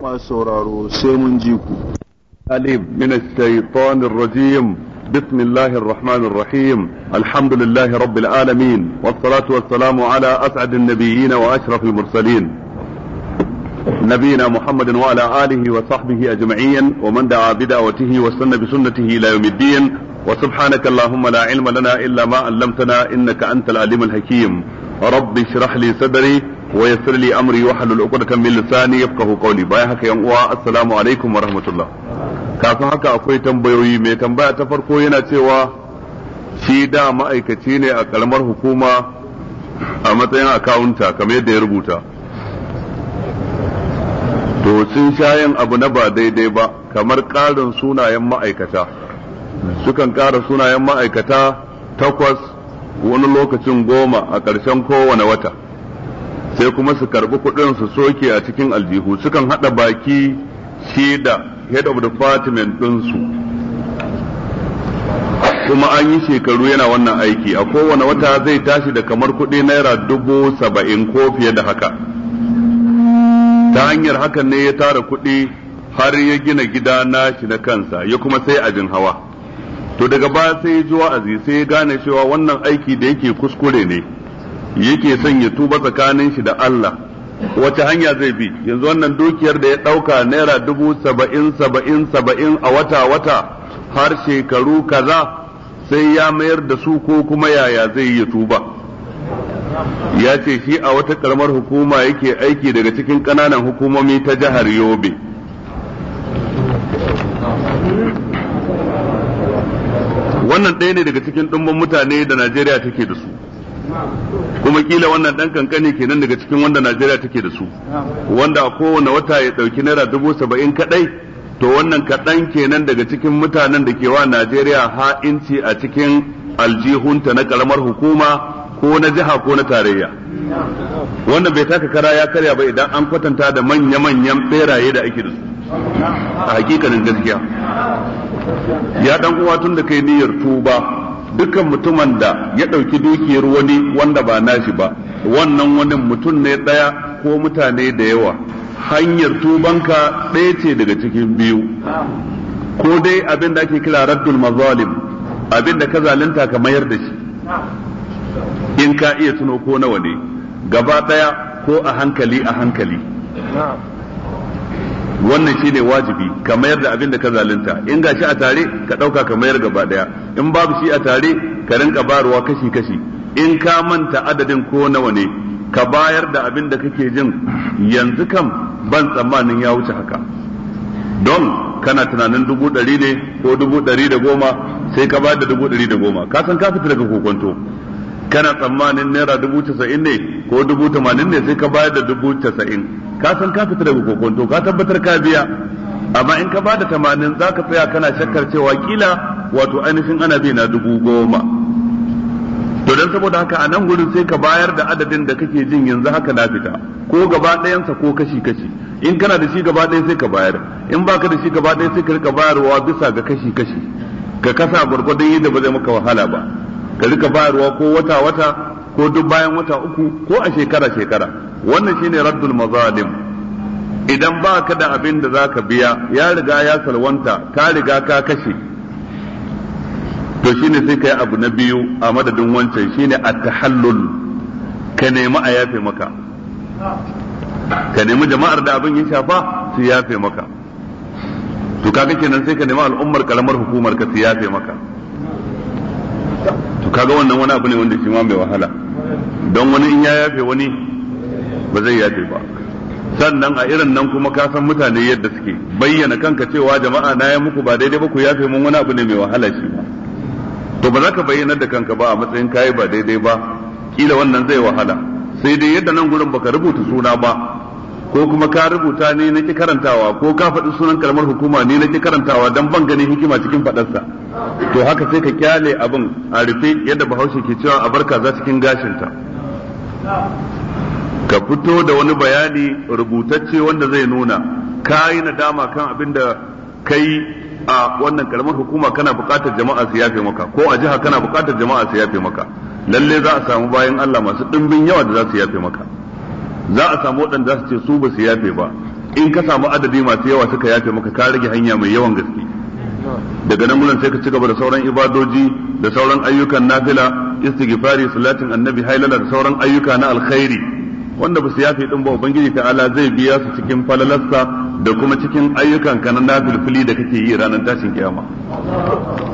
masu sauraro sai mun ji ku. Alif min shaitan rajim بسم الله الرحمن الرحيم الحمد لله رب العالمين والصلاة والسلام على أسعد النبيين وأشرف المرسلين نبينا محمد وعلى آله وصحبه أجمعين ومن دعا بدعوته واستنى بسنته إلى يوم الدين وسبحانك اللهم لا علم لنا إلا ما علمتنا إنك أنت العليم الحكيم rabbi shrah li sadri wa yassir li amri wa hlul 'uqdatan min lisani yafqahu qawli bayan haka yan asalamu alaikum wa rahmatullah kafin haka akwai tambayoyi mai tambaya ta farko yana cewa shi da ma'aikaci ne a karamar hukuma a matsayin akawunta kamar yadda ya rubuta to shayin abu na ba daidai ba kamar ƙarin sunayen ma'aikata sukan ƙara sunayen ma'aikata takwas wani lokacin goma a ƙarshen kowane wata sai kuma su karbi kuɗin su soke a cikin aljihu sukan haɗa baki shi da head of department ɗinsu kuma an yi shekaru yana wannan aiki a kowane wata zai tashi da kamar kuɗi naira dubu saba'in ko fiye da haka ta hanyar hakan ne ya tara kuɗi har ya gina gida nashi na kansa ya kuma sai ajin hawa to daga baya sai ya ji wa'azi sai ya gane cewa wannan aiki da yake kuskure ne yake son ya tuba tsakanin shi da Allah wace hanya zai bi yanzu wannan dukiyar da ya ɗauka naira dubu saba'in saba'in saba'in a wata wata har shekaru kaza sai ya mayar da su ko kuma yaya zai yi ya tuba ya ce shi a wata karamar hukuma yake aiki daga cikin ƙananan hukumomi ta jihar yobe wannan ɗaya ne daga cikin ɗumbin mutane da Najeriya take da su kuma kila wannan ɗan kankani kenan daga cikin wanda Najeriya take da su wanda a kowane wata ya ɗauki naira dubu saba'in kaɗai to wannan kaɗan kenan daga cikin mutanen da ke wa Najeriya ha'inci a cikin aljihunta na ƙaramar hukuma ko na jiha ko na tarayya. Wannan bai taka kara ya karya ba idan an kwatanta da manya-manyan ɓeraye da ake da su. a hakikanin gaskiya ya dan uwa tun da kai niyyar tuba dukan mutumin da ya ɗauki dukiyar wani wanda ba nashi ba wannan wani mutum ne ɗaya ko mutane da yawa hanyar tubanka ɗaya ce daga cikin biyu ko dai abin da ake kira raddul mazalim abin da ka zalunta ka mayar da shi in ka iya tuno ko nawa ne gaba ɗaya ko a hankali a hankali wannan shine wajibi ka mayar da abin da ka zalunta in ga shi a tare ka ɗauka ka mayar gaba ɗaya in babu shi a tare ka rinka barwa kashi kashi in ka manta adadin ko nawa ne ka bayar da abin da kake jin yanzu kam ban tsammanin ya wuce haka don kana tunanin dubu ɗari ne ko dubu ɗari da goma sai ka bayar da dubu ɗari da goma ka san ka fita daga kokonto kana tsammanin naira dubu casa'in ne ko dubu tamanin ne sai ka bayar da dubu casa'in ka san ka fita daga to ka tabbatar ka biya amma in ka ba da tamanin za ka tsaya kana shakkar cewa kila wato ainihin ana bi na dubu goma to dan saboda haka a nan gurin sai ka bayar da adadin da kake jin yanzu haka na fita ko gaba ɗayansa ko kashi kashi in kana da shi gaba ɗaya sai ka bayar in baka da shi gaba ɗaya sai ka rika bayarwa bisa ga kashi kashi ka kasa gwargwadon yadda ba zai maka wahala ba ka rika bayarwa ko wata wata ko duk bayan wata uku ko a shekara shekara wannan shine raddul mazalim idan ba ka da abin da za ka biya ya riga ya salwanta ka riga ka kashe to shine sai ka yi abu na biyu a madadin wancan shine at-tahallul ka nemi a yafe maka ka nemi jama'ar da abin ya shafa su yafe maka to kaga kenan sai ka nemi al'ummar kalamar hukumar ka su yafe maka to kaga wannan wani abu ne wanda shi ma mai wahala don wani in ya yafe wani ba zai yafe ba sannan a irin nan kuma ka san mutane yadda suke bayyana kanka cewa jama'a na ya muku ba daidai ba ku yafe mun wani abu ne mai wahala shi ba to ba za ka bayyana da kanka ba a matsayin kayi ba daidai ba kila wannan zai wahala sai dai yadda nan gurin baka rubuta suna ba ko kuma ka rubuta ne na ki karantawa ko ka faɗi sunan kalmar hukuma ne na ki karantawa don ban gani hikima cikin faɗarsa to haka sai ka kyale abin a rufe yadda bahaushe ke cewa a barka za cikin gashinta ka fito da wani bayani rubutacce wanda zai nuna ka yi nadama kan abin da ka yi a wannan kalmar hukuma kana buƙatar jama'a su yafe maka ko a jiha kana buƙatar jama'a su yafe maka lalle za a samu bayan Allah masu ɗimbin yawa da za su yafe maka za a samu waɗanda za su ce su ba su yafe ba in ka samu adadi masu yawa suka yafe maka ka rage hanya mai yawan gaske daga nan gudan sai ka ci gaba da sauran ibadoji da sauran ayyukan nafila istighfari salatin annabi hailala da sauran ayyuka na alkhairi wanda ba su yafe din ba ubangiji ta'ala zai biya su cikin falalarsa da kuma cikin ayyukan ka na nafilfili da kake yi ranar tashin kiyama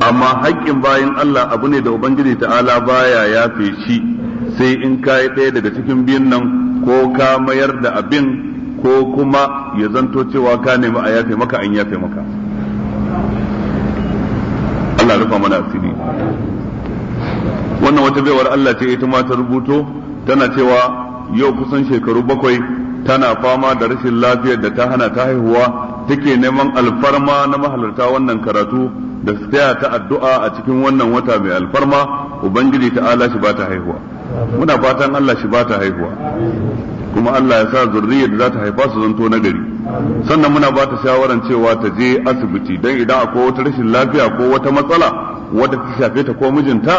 amma haƙƙin bayan Allah abu ne da ubangiji ta'ala baya yafe shi sai in ka yi ɗaya daga cikin biyun nan ko ka mayar da abin ko kuma ya zanto cewa ka nemi a yafe maka an yafe maka Allah rufa mana asiri wannan wata baiwar Allah ce ita ma ta rubuto tana cewa yau kusan shekaru bakwai tana fama da rashin lafiyar da ta hana ta haihuwa take neman alfarma na mahalarta wannan karatu da su ta addu'a a cikin wannan wata mai alfarma ubangiji ta ala shi ba ta haihuwa muna fatan Allah shi ba ta haihuwa kuma Allah ya sa zurriyar da za ta haifa su zanto na gari sannan muna ba ta shawaran cewa ta je asibiti don idan akwai wata rashin lafiya ko wata matsala wata ta shafe ta ko mijinta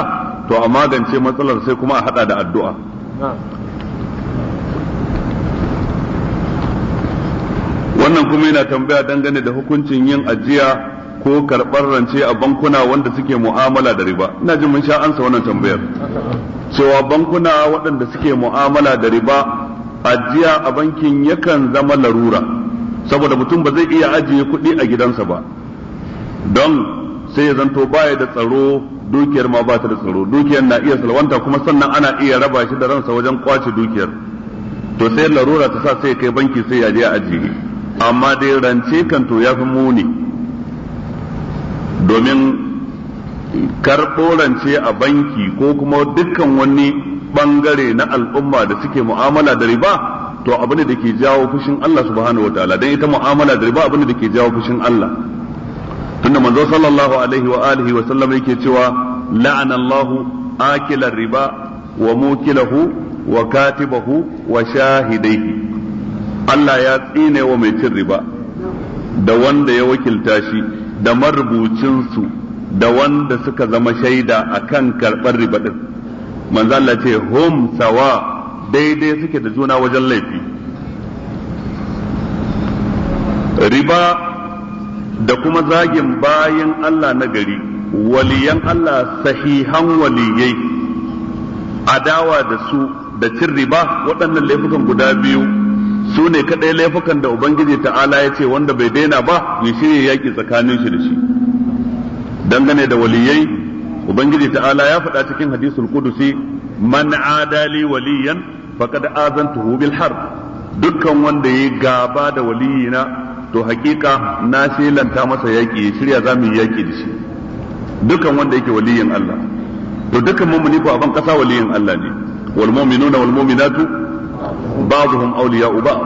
to a magance matsalar sai kuma a hada da addu'a wannan kuma yana tambaya dangane da hukuncin yin ajiya ko karɓar rance a bankuna wanda suke mu'amala da riba ina jin mun sha ansa wannan tambayar cewa bankuna waɗanda suke mu'amala da riba ajiya a bankin yakan zama larura saboda mutum ba zai iya ajiye kuɗi a gidansa ba don sai ya zanto baya da tsaro dukiyar ma ba ta da tsaro dukiyar na iya salwanta kuma sannan ana iya raba shi da ransa wajen kwace dukiyar to sai larura ta sa sai kai banki sai ya je ajiye amma dai rance kan to ya fi muni domin karɓorance a banki ko kuma dukkan wani bangare na al'umma da suke mu'amala da riba to abu ne da ke jawo fushin Allah subhanahu wa ta'ala dan ita mu'amala da riba abu ne da ke jawo fushin Allah tunda manzo sallallahu alaihi wa alihi wa sallam yake cewa la'ana Allahu akilar riba wa mukilahu wa katibahu wa shahidaihi Allah ya tsine wa mai cin riba da wanda ya wakilta shi da marubucinsu da wanda suka zama shaida a kan karɓar riba ɗin ce hum sawa daidai suke da juna wajen laifi riba da kuma zagin bayan Allah na gari waliyan Allah sahihan waliyai adawa da su da cin riba waɗannan laifukan guda biyu su ne kadai laifukan da ubangiji ta'ala ya ce wanda bai daina ba ya shirya yaki tsakanin shi da shi dangane da waliyai ubangiji ta'ala ya faɗa cikin hadisul qudusi man adali waliyan faqad azantuhu bil har, dukkan wanda yayi gaba da waliyina to hakika na shelanta masa yaki ya shirya za mu yi yaki da shi dukkan wanda yake waliyin Allah to dukkan mumuni ko aban kasa waliyin Allah ne wal mu'minuna wal mu'minatu بعضهم أولياء بعض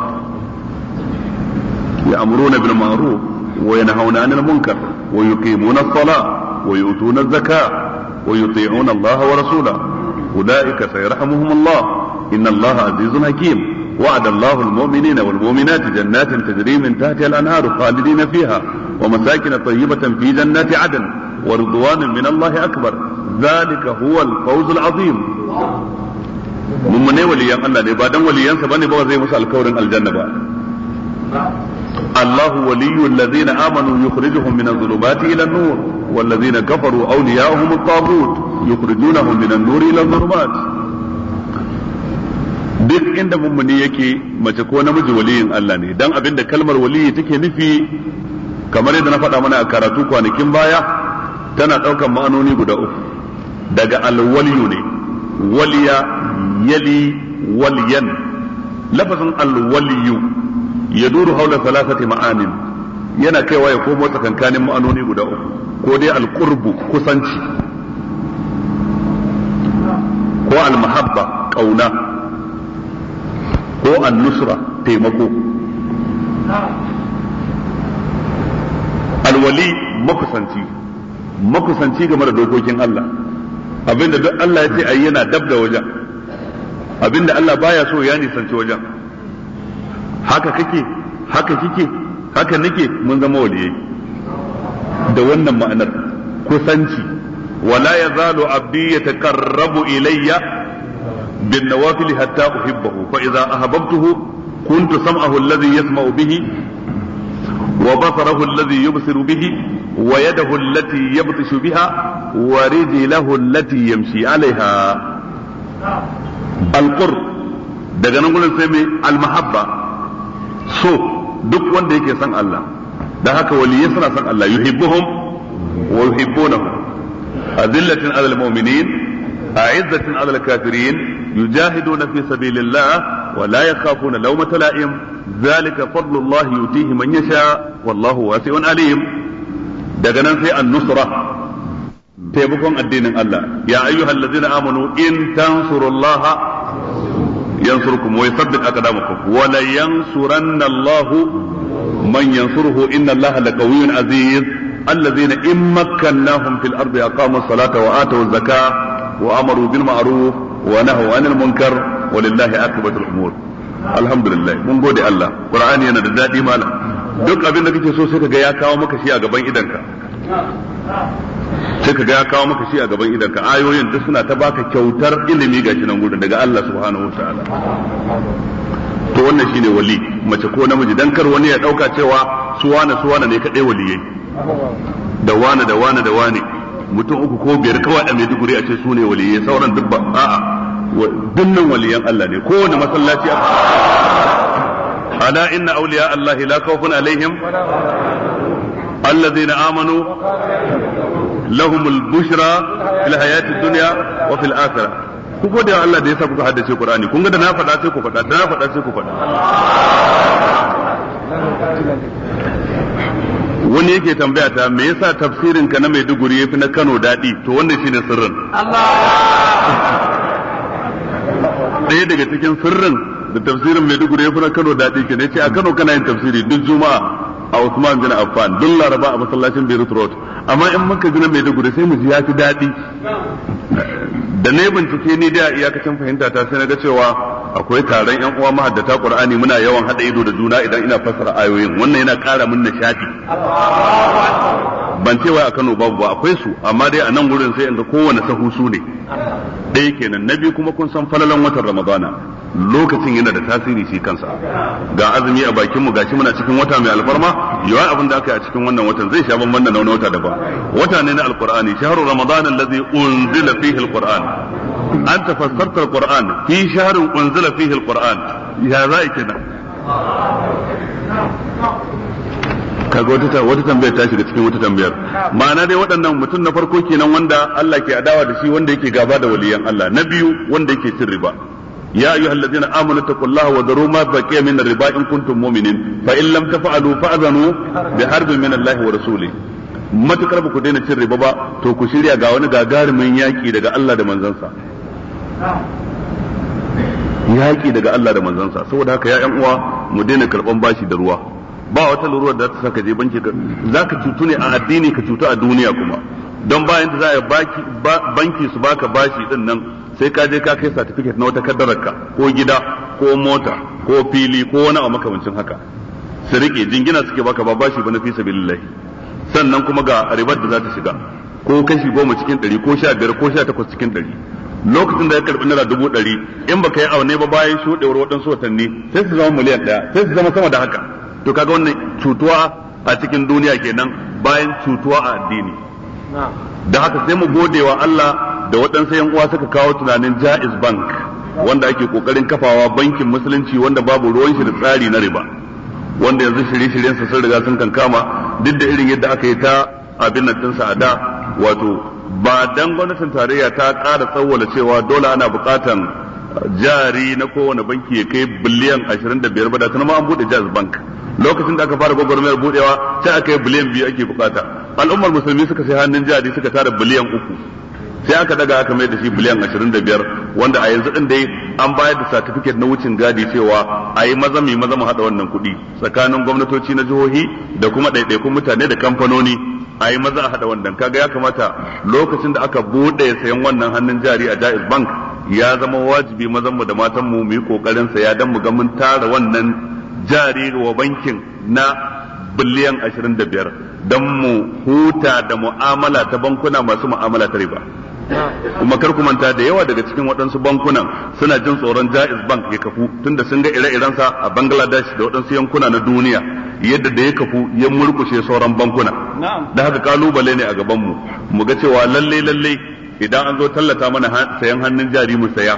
يأمرون بالمعروف وينهون عن المنكر ويقيمون الصلاة ويؤتون الزكاة ويطيعون الله ورسوله أولئك سيرحمهم الله إن الله عزيز حكيم وعد الله المؤمنين والمؤمنات جنات تجري من تحتها الأنهار خالدين فيها ومساكن طيبة في جنات عدن ورضوان من الله أكبر ذلك هو الفوز العظيم mummune waliyan Allah ne ba dan waliyansa bane ba zai musu alkawarin aljanna ba Allahu waliyul ladzina amanu yukhrijuhum minadh dhulumati ila an-nur wal ladzina kafaru awliya'uhum at-taghut yukhrijunahum minan nuri ila adh-dhulumat duk inda mummuni yake mace ko namiji waliyin Allah ne dan abinda kalmar waliyi take nufi kamar yadda na faɗa mana a karatu kwanakin baya tana ɗaukar ma'anoni guda uku daga alwaliyu ne waliya yali waliyan lafazin alwaliyu ya duru haula salasati ma'anin yana kaiwa ya komo tsakankanin ma'anoni guda uku ko dai alqurbu kusanci ko almahabba kauna ko annusra taimako alwali makusanci makusanci game da dokokin Allah abinda duk Allah ya ce yi yana dab da wajen abinda Allah baya so ya nisanci wajen haka kake haka kike haka nake mun zama waliya. da wannan ma'anar kusanci wala yazalu abdi yataqarrabu ilayya bin nawafil hatta uhibbahu fa idza ahabbtuhu kuntu sam'ahu alladhi yasma'u bihi وبصره الذي يبصر به ويده التي biha بها ورجله التي yamshi عليها alqur daga nan gudun sai mai almahabba so duk wanda yake san Allah da haka waliyai suna san Allah yuhibbuhum wa yuhibbunahu azillatin alal mu'minin a'izzatin alal kafirin yujahiduna fi sabilillah wa la yakhafuna lawmata la'im zalika fadlullahi, yutihi man yasha wallahu wasi'un alim daga nan sai an-nusra taimakon addinin Allah ya ayyuhal ladzina amanu in tansurullaha yansurkum wa yuthabbit aqdamakum wa la yansuranna Allah man yansuruhu inna Allah laqawiyyun aziz alladhina in makkannahum fil ardi aqamu as-salata wa atu az-zakata wa amaru bil ma'ruf wa nahaw 'anil munkar walillahi aqibatul umur alhamdulillah mun gode Allah qur'ani yana da dadi malam duk abin da kake so sai kaga ya kawo maka shi a gaban idanka sai ka ga ya kawo maka shi a gaban idanka ayoyin duk suna ta baka kyautar ilimi ga shi nan gudun daga Allah subhanahu ta'ala to wannan shine wali mace ko namiji dan kar wani ya dauka cewa su wani su wani ne kadai waliyai da wani da wani da wani mutum uku ko biyar kawai mai Maiduguri a ce su ne waliyai sauran duk ba a'a dinnan waliyan Allah ne kowane masallaci a ala inna awliya Allah la khawfun alaihim الذين amanu lahumul bushra fil الحياة الدنيا wa fil akhirah ku gode Allah da yasa kuka haddace Qur'ani kun ga da na faɗa sai ku faɗa da na faɗa sai ku faɗa wani yake tambaya ta me yasa tafsirin ka na Maiduguri yafi na Kano daɗi to wannan shine sirrin ɗaya daga cikin sirrin da tafsirin Maiduguri yafi na Kano daɗi ke ne ce a Kano kana yin tafsiri duk juma'a a Usman bin Affan duk Laraba a masallacin Beirut Road amma in muka ji na Maiduguri sai mu ji ya fi daɗi da ne bincike ni da iyakacin fahimta ta sai na ga cewa akwai taron ƴan uwa mahaddata Qur'ani muna yawan hada ido da juna idan ina fassara ayoyin wannan yana ƙara min nishadi ban ce wai a Kano babu ba akwai su amma dai a nan gurin sai inda kowane sahu su ne ɗaya kenan na biyu kuma kun san falalan watan Ramadana lokacin yana da tasiri shi kansa ga azumi a bakin mu gashi muna cikin wata mai alfarma yawan abin da aka yi a cikin wannan watan zai sha bamban da na wani wata daban wata ne na alqur'ani shahru ramadana allazi unzila fihi alqur'an an tafassarta alqur'an fi shahrin unzila fihi alqur'an ya za'i kenan kaga wata wata tambayar ta shiga cikin wata tambayar ma'ana dai waɗannan mutum na farko kenan wanda Allah ke adawa da shi wanda yake gaba da waliyan Allah na biyu wanda yake cin riba ya ayu allazina amanu taqullaha wa daru ma baqiya min riba in kuntum mu'minin fa in lam taf'alu fa'zanu bi harbin min Allah wa rasuli matukar ba ku daina cin riba ba to ku shirya ga wani gagarumin yaki daga Allah da manzansa yaki daga Allah da manzansa saboda haka ya ƴan uwa mu daina karban bashi da ruwa ba wata lura da ta saka je banki za ka cutu ne a addini ka cutu a duniya kuma don bayan da za a banki su baka bashi din nan sai ka je ka kai certificate na wata ka ko gida ko mota ko fili ko wani abu makamancin haka su rike jingina suke baka ba bashi ba na fisa billahi sannan kuma ga ribar da za ta shiga ko kashi goma cikin ɗari ko sha biyar ko sha takwas cikin ɗari lokacin da ya karɓi naira dubu ɗari in baka yi aune ba bayan shuɗewar waɗansu watanni sai su zama miliyan ɗaya sai su zama sama da haka to kaga wannan cutuwa a cikin duniya kenan bayan cutuwa a addini da haka sai mu gode wa Allah da waɗansu yan uwa suka kawo tunanin Jaiz Bank wanda ake kokarin kafawa bankin musulunci wanda babu ruwan shi da tsari na riba wanda yanzu shirye-shiryen sa sun riga sun kankama duk da irin yadda aka yi ta abin nan ɗinsa a da wato ba dan gwamnatin tarayya ta ƙara tsawwala cewa dole ana buƙatan jari na kowane banki ya kai biliyan 25 ba da tana ma an bude jazz bank lokacin da aka fara gwagwarmayar budewa sai aka yi biliyan biyu ake bukata al'ummar musulmi suka sai hannun jihadi suka tara biliyan uku sai aka daga aka mai da shi biliyan ashirin da biyar wanda a yanzu din dai an bayar da satifiket na wucin gadi cewa a yi maza mai maza mu haɗa wannan kuɗi tsakanin gwamnatoci na jihohi da kuma ɗaiɗaikun mutane da kamfanoni a yi maza a haɗa wannan kaga ya kamata lokacin da aka buɗe sayan wannan hannun jari a jaiz bank ya zama wajibi mazanmu da matanmu mu yi kokarin saya don mu ga mun tara wannan jari wa bankin na biliyan 25 don mu huta da mu'amala ta bankuna masu mu'amala ta riba kuma kar manta da yawa daga cikin waɗansu bankunan suna jin tsoron jaiz bank ya kafu tunda sun ga ire-irensa a bangladesh da waɗansu yankuna na duniya yadda da ya kafu ya murkushe sauran bankuna da haka kalubale ne a gabanmu mu ga cewa lalle lalle idan an zo tallata mana sayan hannun jari mu saya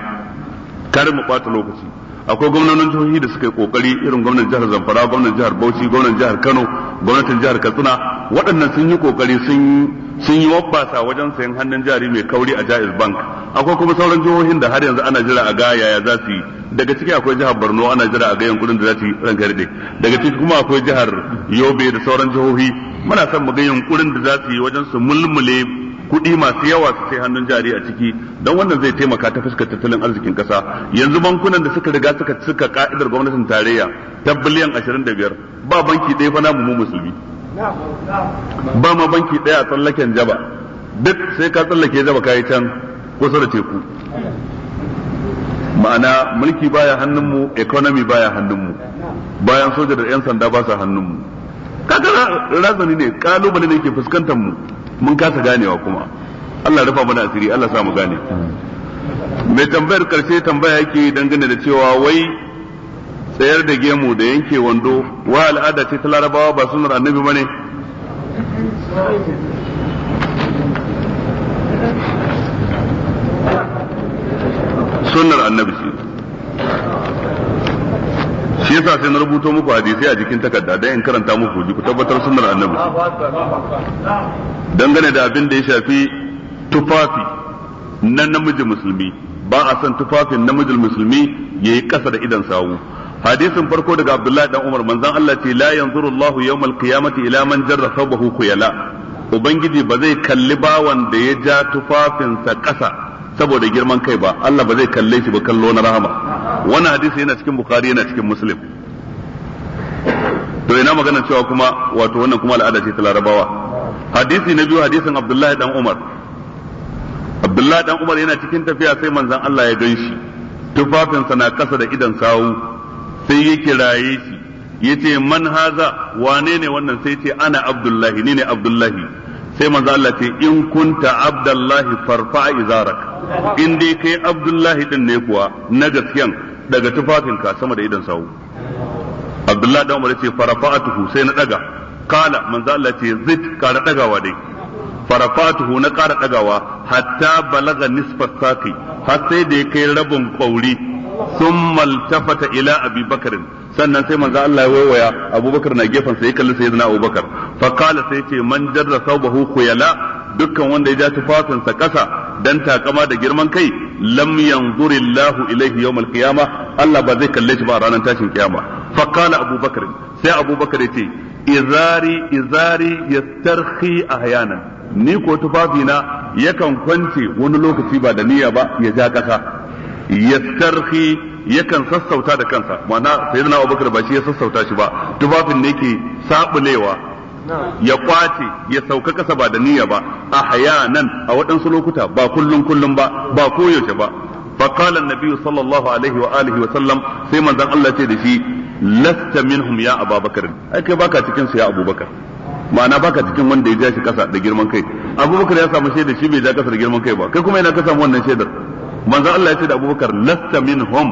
kar mu ɓata lokaci akwai gwamnonin jihohi da suka yi kokari irin gwamnan jihar Zamfara gwamnan jihar Bauchi gwamnan jihar Kano gwamnatin jihar Katsina waɗannan sun yi kokari sun sun yi wabbasa wajen sayan hannun jari mai kauri a Jaiz Bank akwai kuma sauran jihohin da har yanzu ana jira a ga yaya za su yi daga ciki akwai jihar Borno ana jira a ga yankunan da za su yi ranka daɗe daga ciki kuma akwai jihar Yobe da sauran jihohi muna son mu ga yankunan da za su yi wajen su mulmule kuɗi masu yawa su sai hannun jari a ciki don wannan zai taimaka ta fuskar tattalin arzikin ƙasa yanzu bankunan da suka riga suka cika ka'idar gwamnatin tarayya ta biliyan 25 ba banki ɗaya fa namu mu musulmi ba ma banki ɗaya a tsallaken jaba duk sai ka tsallake jaba kayi can kusa da teku ma'ana mulki baya hannunmu economy baya hannunmu bayan soja da 'yan sanda ba sa hannunmu kaga razani ne kalubale ne ke fuskantar mu mun kasa ganewa kuma Allah rufa mana asiri Allah sa mu gane mai tambayar karshe tambaya yake dangane da cewa wai tsayar da gemu da yanke wando wa al'ada ce ta larabawa ba sunar annabi bane sunar annabi ce shi yasa sai na rubuto muku hadisi a jikin takarda dan in karanta muku ji ku tabbatar sunnar annabi dangane da abin da ya shafi tufafi na namiji musulmi ba a son tufafin namijin musulmi yayi kasa da idan sawu hadisin farko daga Abdullahi dan Umar manzon Allah ce la yanzuru Allahu yawmal qiyamati ila man jarra thawbahu khuyala ubangiji ba zai kalli bawan da ya ja tufafinsa kasa saboda girman kai ba Allah ba zai kalle shi ba kallo na rahama wannan hadisi yana cikin bukhari yana cikin muslim to ina magana cewa kuma wato wannan kuma al'ada ce ta larabawa hadisi na biyu hadisin abdullahi dan umar abdullahi dan umar yana cikin tafiya sai manzon Allah ya ganshi tufafinsa na kasa da idan sawu sai ya kiraye shi Ya ce man haza wane ne wannan sai ce ana abdullahi ni ne abdullahi sai manzo Allah ce in kunta abdullahi farfa izarak in dai kai abdullahi din ne kuwa na gaskiyan daga tufafinka sama da idan sawu abdullahi dan umar yace farafa'atuhu sai na daga kala manzo Allah ce zid kara dagawa dai farafa'atuhu na kara dagawa hatta balaga nisfa saqi har sai da ya kai rabin kauri thumma tafata ila Abubakar, sannan sai manzo Allah ya waiwaya abubakar na gefen sai kalli sayyidina abubakar fa kala sai ce man jarra sawbahu khuyala dukkan wanda ya ja tufafinsa kasa dan takama da girman kai lam Allahu ilaihi yawmal qiyama Allah ba zai kalle shi ba ranar tashin kiyama fa qala abubakar sai abubakar yace izari izari yastarhi ahyana ni ko tufafi na yakan kwance wani lokaci ba da niyya ba ya ja kasa yastarhi yakan sassauta da kansa ma'ana sayyidina abubakar ba shi ya sassauta shi ba tufafin ne ke sabulewa ya kwace ya sauka kasa ba da niyya ba a hayanan a waɗansu lokuta ba kullum kullum ba ba koyaushe ba فقال النبي صلى الله عليه وآله وسلم سيما ذن الله تدشي لست منهم يا أبا بكر أكي باكا تكين يا أبو بكر ma'ana baka cikin wanda ya ja shi kasa da girman kai abubakar ya samu shaidar shi bai ja kasa da girman kai ba kai kuma yana ka samu wannan shaidar manzo Allah ya ce da abubakar lasta minhum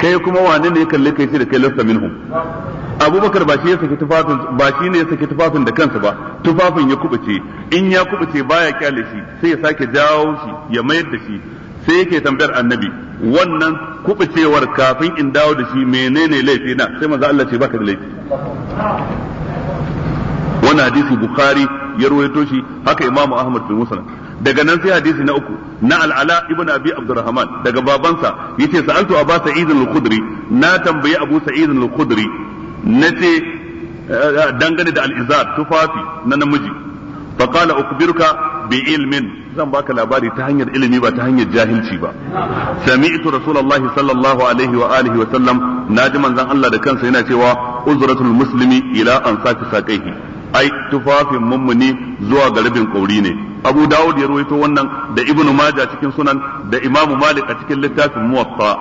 kai kuma wane ne ya kalle kai ce da kai lasta minhum abubakar ba shi ya saki tufafin ba shi ne ya saki tufafin da kansa ba tufafin ya kubuce in ya kubuce baya kyale shi sai ya sake jawo shi ya mayar da shi sai yake tambayar annabi wannan kubucewar kafin in dawo da shi menene laifi na sai manzo Allah ce baka da laifi wannan hadisi bukhari ya rawaito shi haka imam ahmad bin musnad daga nan sai hadisi na uku na al'ala ibn abi abdurrahman daga babansa yace sa'altu aba sa'id al-khudri na tambayi abu sa'id al-khudri na ce eh, eh, dangane da al'izar tufafi na namiji faƙala ukbirka bi ilmin zan baka labari ta hanyar ilimi ba ta hanyar jahilci ba sami'tu rasulullahi sallallahu alaihi wa alihi wa sallam naji manzon Allah da kansa yana cewa uzratul muslimi ila ansafi saqaihi ai tufafin mummuni zuwa ga rabin kauri ne abu dawud ya ruwaito wannan da ibnu maja cikin sunan da imamu malik a cikin littafin muwaffa.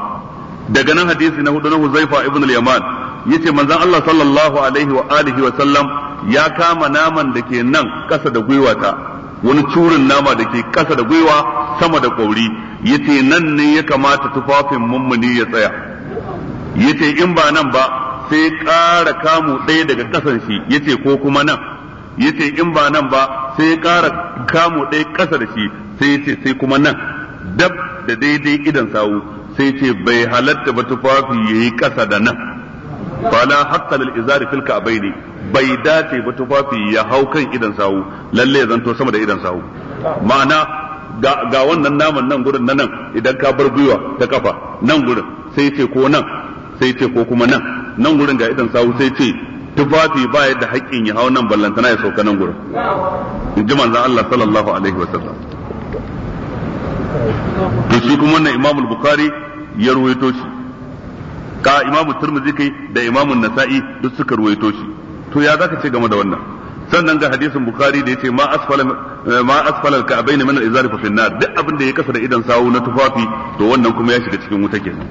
daga nan hadisi na hudu na huzaifa ibnu al-yaman yace manzon Allah sallallahu alaihi wa alihi wa sallam ya kama naman da ke nan kasa da ta. wani curin nama da ke kasa da gwiwa sama da kauri yace nan ne ya kamata tufafin mummuni ya tsaya yace in ba nan ba sai ƙara kamu ɗaya daga ƙasan shi yace ko kuma nan yace in ba nan ba sai ƙara kamu ɗaya ƙasa da shi sai yace sai kuma nan dab da daidai idan sawu sai ce bai halatta ba tufafi yayi ƙasa da nan fala haqqa lil izari fil ka'baini bai dace ba tufafi ya hau kan idan sawu lalle ya zanto sama da idan sawu ma'ana ga wannan naman nan gurin na nan idan ka bar gwiwa ta kafa nan gurin sai ce ko nan sai ce ko kuma nan nan gurin ga idan sawu sai ce tufafi ba yadda haƙƙin ya hau nan ballantana ya sauka nan gurin in ji manzon Allah sallallahu alaihi wa sallam to shi kuma wannan Imamul Bukhari ya ruwaito shi ka imamu turmuzi kai da imamun nasa'i duk suka ruwaito shi to ya zaka ce game da wannan sannan ga hadisin bukhari da yace ma asfala ma asfala ka baina min al-izari fa finnar duk abin da ya kasa da idan sawu na tufafi to wannan kuma ya shiga cikin wuta kenan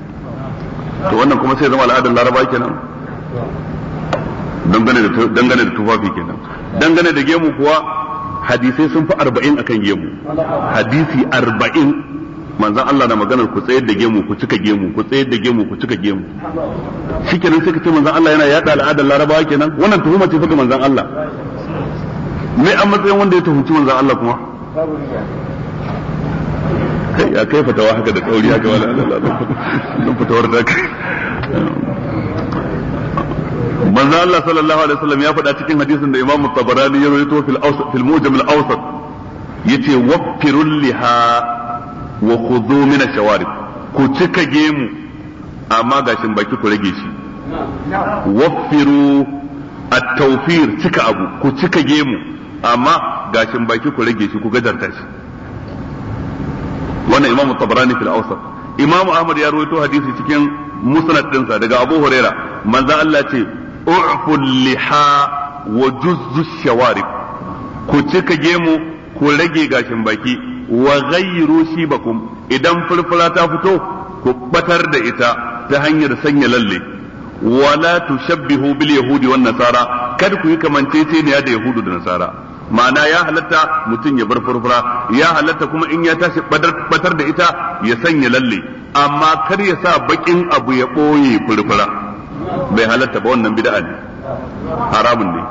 to wannan kuma sai zama al'adar laraba kenan dangane da dangane da tufafi kenan dangane da gemu kuwa hadisai sun fi arba'in akan gemu hadisi arba'in Manzan Allah na maganar ku tsayar da gemu ku cika gemu ku tsayar da gemu ku cika gemu shikenan sai ka ce manzan Allah yana yada al'adar larabawa kenan wannan tuhuma ce ga manzan Allah me a matsayin wanda ya tuhunci manzan Allah kuma kai ya kai fatawa haka da kauri haka wala don fatawar da kai Manzan Allah sallallahu alaihi wasallam ya faɗa cikin hadisin da Imam Tabarani ya rawaito fil awsat fil mujam al awsat yace waqfirul liha wa khudhu min ash ku cika gemu amma gashin baki ku rage shi waffiru at-tawfir cika abu ku cika gemu amma gashin baki ku rage shi ku gajarta shi wannan imam tabarani fil awsat imam ahmad ya rawaito hadisi cikin musnad dinsa daga abu huraira manzo Allah ce u'ful liha wa juzzu shawarib ku cika gemu ku rage gashin baki wa ghayru shibakum idan furfura ta fito ku batar da ita ta hanyar sanya lalle wala tushabbihu bil yahudi wan nasara kada ku yi kamanceceniya da yahudu da nasara ma'ana ya halatta mutum ya bar furfura ya halatta kuma in ya tashi batar da ita ya sanya lalle amma kar ya sa bakin abu ya boye furfura bai halatta ba wannan bid'a ne haramun ne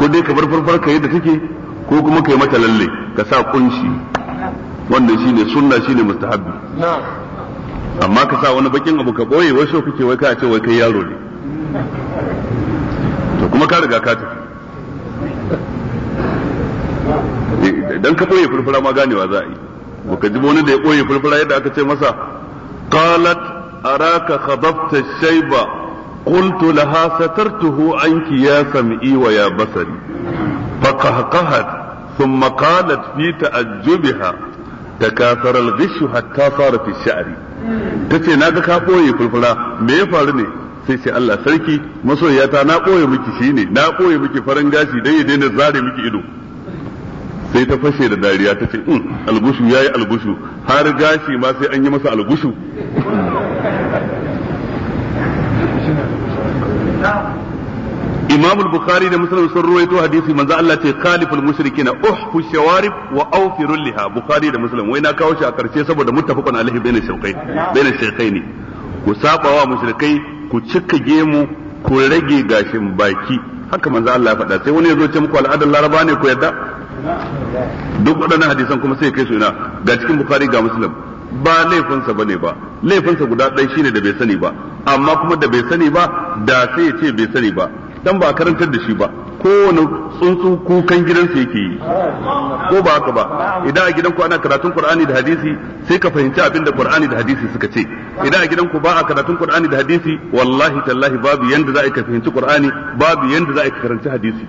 ko dai ka bar furfura ka yi da take ko kuma kai mata lalle ka sa kunshi wanda shi ne sunna ne mustahabi amma ka sa wani bakin abu ka boye wai so kake wai ka ce wai kai yaro ne to kuma ka riga ka tafi idan ka boye furfura ma ganewa za a yi baka ji wani da ya boye furfura yadda aka ce masa qalat araka khadabta shayba laha satartuhu anki ya sam'i wa ya basari. فقهقهت ثم قالت في تعجبها تكاثر الغش حتى صار في الشعر tace na ga ka ɓoye fulfula me ya faru ne sai sai Allah sarki masoyata na ɓoye miki shine na ɓoye miki farin gashi dan ya daina zare miki ido sai ta fashe da dariya ta ce algushu ya yi algushu har gashi ma sai an yi masa algushu imam al-bukhari da muslim sun ruwaito hadisi manzo Allah ce khaliful mushrikin uhfu shawarib wa awfirul liha bukhari da muslim wai na kawo shi a karshe saboda muttafaqun alaihi bainal shaykai bainal ne. ku wa mushrikai ku cika gemu ku rage gashin baki haka manzo Allah ya faɗa sai wani ya zo ce muku al'adar laraba ne ku yadda duk waɗannan hadisan kuma sai kai suna ga cikin bukhari ga muslim ba laifinsa bane ba laifinsa guda ɗaya shine da bai sani ba amma kuma da bai sani ba da sai ya ce bai sani ba dan ba karantar da shi ba kowane tsuntsu kukan gidansa yake yi ko ba haka ba idan a gidanku ana karatun qur'ani da hadisi sai ka fahimci abin da qur'ani da hadisi suka ce idan a gidanku ba a karatun qur'ani da hadisi wallahi tallahi babu yanda za a ka fahimci qur'ani babu yanda za ka karanci hadisi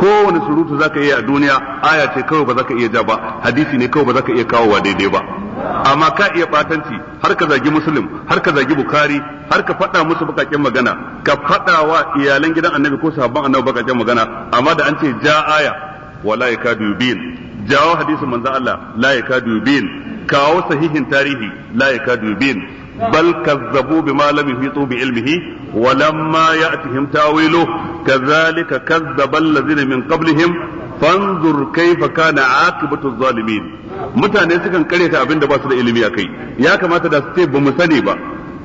kowane surutu zaka iya a duniya aya ce kawai ba za ka iya ja ba hadisi ne kawai ba za ka iya kawowa daidai ba amma ka iya batanci har ka zagi musulun, har ka zagi bukari har ka faɗa musu bakakken magana ka faɗa wa iyalan gidan annabi ko sahabban annabi bakakken magana amma da an ce ja aya la yakadu yubin jawo hadisin manzo Allah la yakadu yubin kawo sahihin tarihi la yakadu yubin bal kazzabu bima lam yuhitu bi ilmihi wa wailo, ya'tihim tawilu kadhalika kazzaba allazina min qablihim fanzur kaifa kana aqibatu zalimin mutane sukan kareta abin da ba su da ilimi akai ya kamata da su ce ba mu sani ba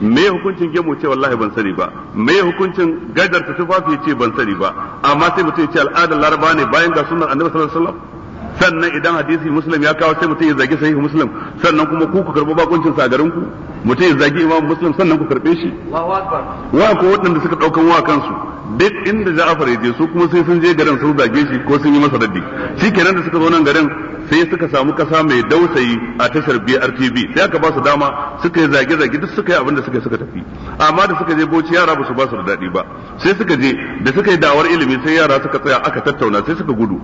me hukuncin gemu ce wallahi ban sani ba me hukuncin gadar ta tufafi ce ban sani ba amma sai mutum ya ce al'adar laraba ne bayan ga sunan annabi sallallahu alaihi wasallam sannan idan hadisi muslim ya kawo sai mutum ya zagi sahihu muslim sannan kuma ku ku karɓi bakuncin sa a garin ku mutum ya zagi imam muslim sannan ku karbe shi wa ko waɗanda suka ɗaukan wa kansu duk inda Ja'far ya je su kuma sai sun je garin sun zage shi ko sun yi masa raddi shikenan da suka zo nan garin sai suka samu kasa mai dausayi a tashar BRTB sai aka ba su dama suka yi zage-zage duk suka yi abin da suka suka tafi amma da suka je boci yara ba su ba su da dadi ba sai suka je da suka yi dawar ilimi sai yara suka tsaya aka tattauna sai suka gudu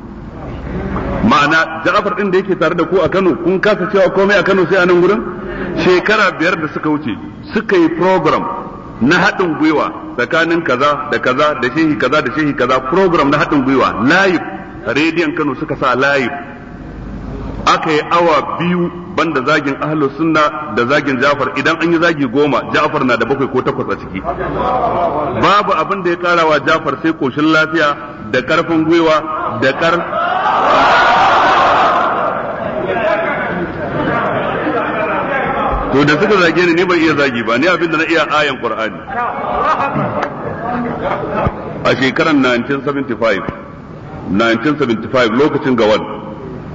ma'ana Ja'far din da yake tare da ku a Kano kun kasa cewa komai a Kano sai a nan gurin shekara biyar da suka wuce suka yi program na haɗin gwiwa tsakanin kaza da kaza da shehi kaza da shehi kaza program na haɗin gwiwa live rediyon Kano suka sa live aka yi awa biyu banda zagin ahlus sunna da zagin Ja'far idan an yi zagi goma Ja'far na da bakwai ko takwas a ciki babu abin da ya karawa Ja'far sai koshin lafiya da karfin gwiwa da kar to da suka zage ni ne ban iya zagi ba ni abin da na iya ayan Qur'ani a shekarar 1975 1975 lokacin gawan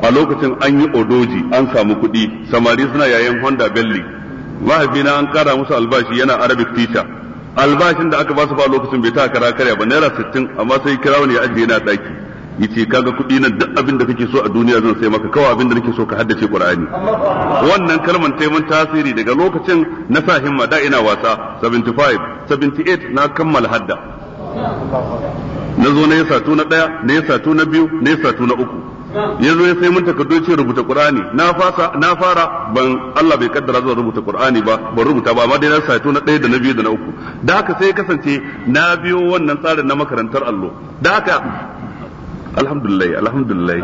a lokacin an yi odoji an samu kuɗi samari suna yayin honda belly mahaifina an kara musu albashi yana arabic teacher albashin da aka ba su ba lokacin bai ta kara karya ba naira sittin amma sai kira wani ya ajiye na ɗaki yace kaga kuɗi nan duk abin da kake so a duniya zan sai maka kawai abin da nake so ka haddace Qur'ani wannan kalman ta mun tasiri daga lokacin na sa himma da ina wasa 75 78 na kammala hadda na zo na yasa na daya na yasa na biyu na yasa na uku ya zo ya sai mun takardu ce rubuta qur'ani na fasa na fara ban Allah bai kaddara zan rubuta qur'ani ba ban rubuta ba amma dai na saito na ɗaya da na biyu da na uku da haka sai ya kasance na biyo wannan tsarin na makarantar allo da haka alhamdulillah alhamdulillah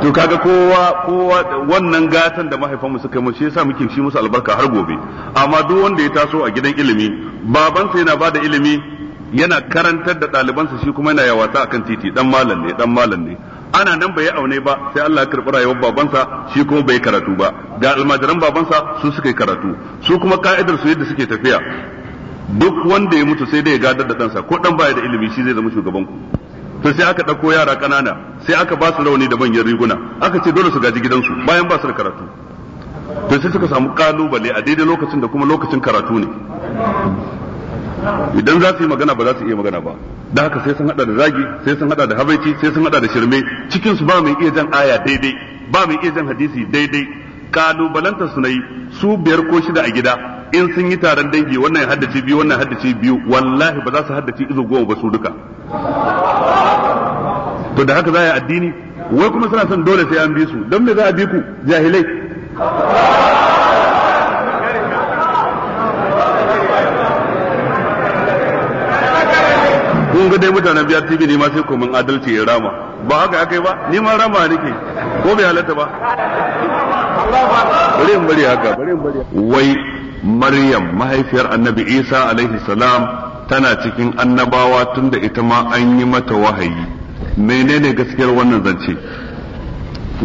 to kaga kowa kowa wannan gatan da mu suka yi mu shi yasa muke shi musu albarka har gobe amma duk wanda ya taso a gidan ilimi baban sai yana bada ilimi yana karantar da ɗalibansa shi kuma yana yawasa akan titi dan malam ne dan malam ne ana nan bai aune ba sai Allah ya karɓi rayuwar babansa shi kuma bai karatu ba ga almajiran babansa su suka yi karatu su kuma ka'idar su yadda suke tafiya duk wanda ya mutu sai dai ya gadar da ɗansa ko ɗan baya da ilimi shi zai zama shugaban ku to sai aka ɗauko yara ƙanana sai aka ba su rauni da manyan riguna aka ce dole su gaji gidansu bayan ba su da karatu to sai suka samu kalubale a daidai lokacin da kuma lokacin karatu ne idan za su yi magana ba za su iya magana ba da haka sai sun hada da zagi sai sun hada da habaici sai sun hada da shirme cikin su ba mai iya jan aya daidai ba mai iya jan hadisi daidai kalubalanta su nayi su biyar ko shida a gida in sun yi taron dangi wannan ya haddace biyu wannan haddace biyu wallahi ba za su haddace izo goma ba su duka to da haka za a yi addini wai kuma suna son dole sai an bi su don me za a bi ku jahilai kun ga dai mutanen biyar tv ne ma sai ku mun adalci ya rama ba haka akai ba ni ma rama nake ko bai halatta ba bari in bari haka bari in bari wai maryam mahaifiyar annabi isa alaihi salam tana cikin annabawa tunda ita ma an yi mata wahayi menene gaskiyar wannan zance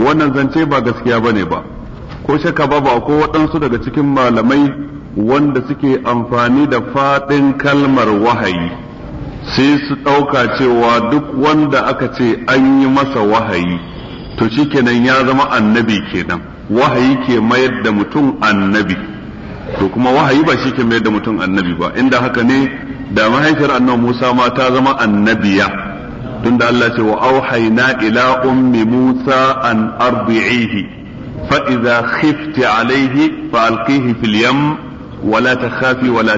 wannan zance ba gaskiya bane ba ko shakka ba ko waɗansu daga cikin malamai wanda suke amfani da faɗin kalmar wahayi sai su ɗauka cewa duk wanda aka ce an yi masa wahayi to shikenan ya zama annabi kenan wahayi ke mayar da mutum annabi to kuma wahayi ba shi ke mayar da mutum annabi ba inda haka ne da mahaifiyar annabi Musa ma ta zama annabiya da Allah ce wa auhayna ila ummi Musa an arbi'ihi فإذا خفت عليه فألقيه في اليم wala تخافي ولا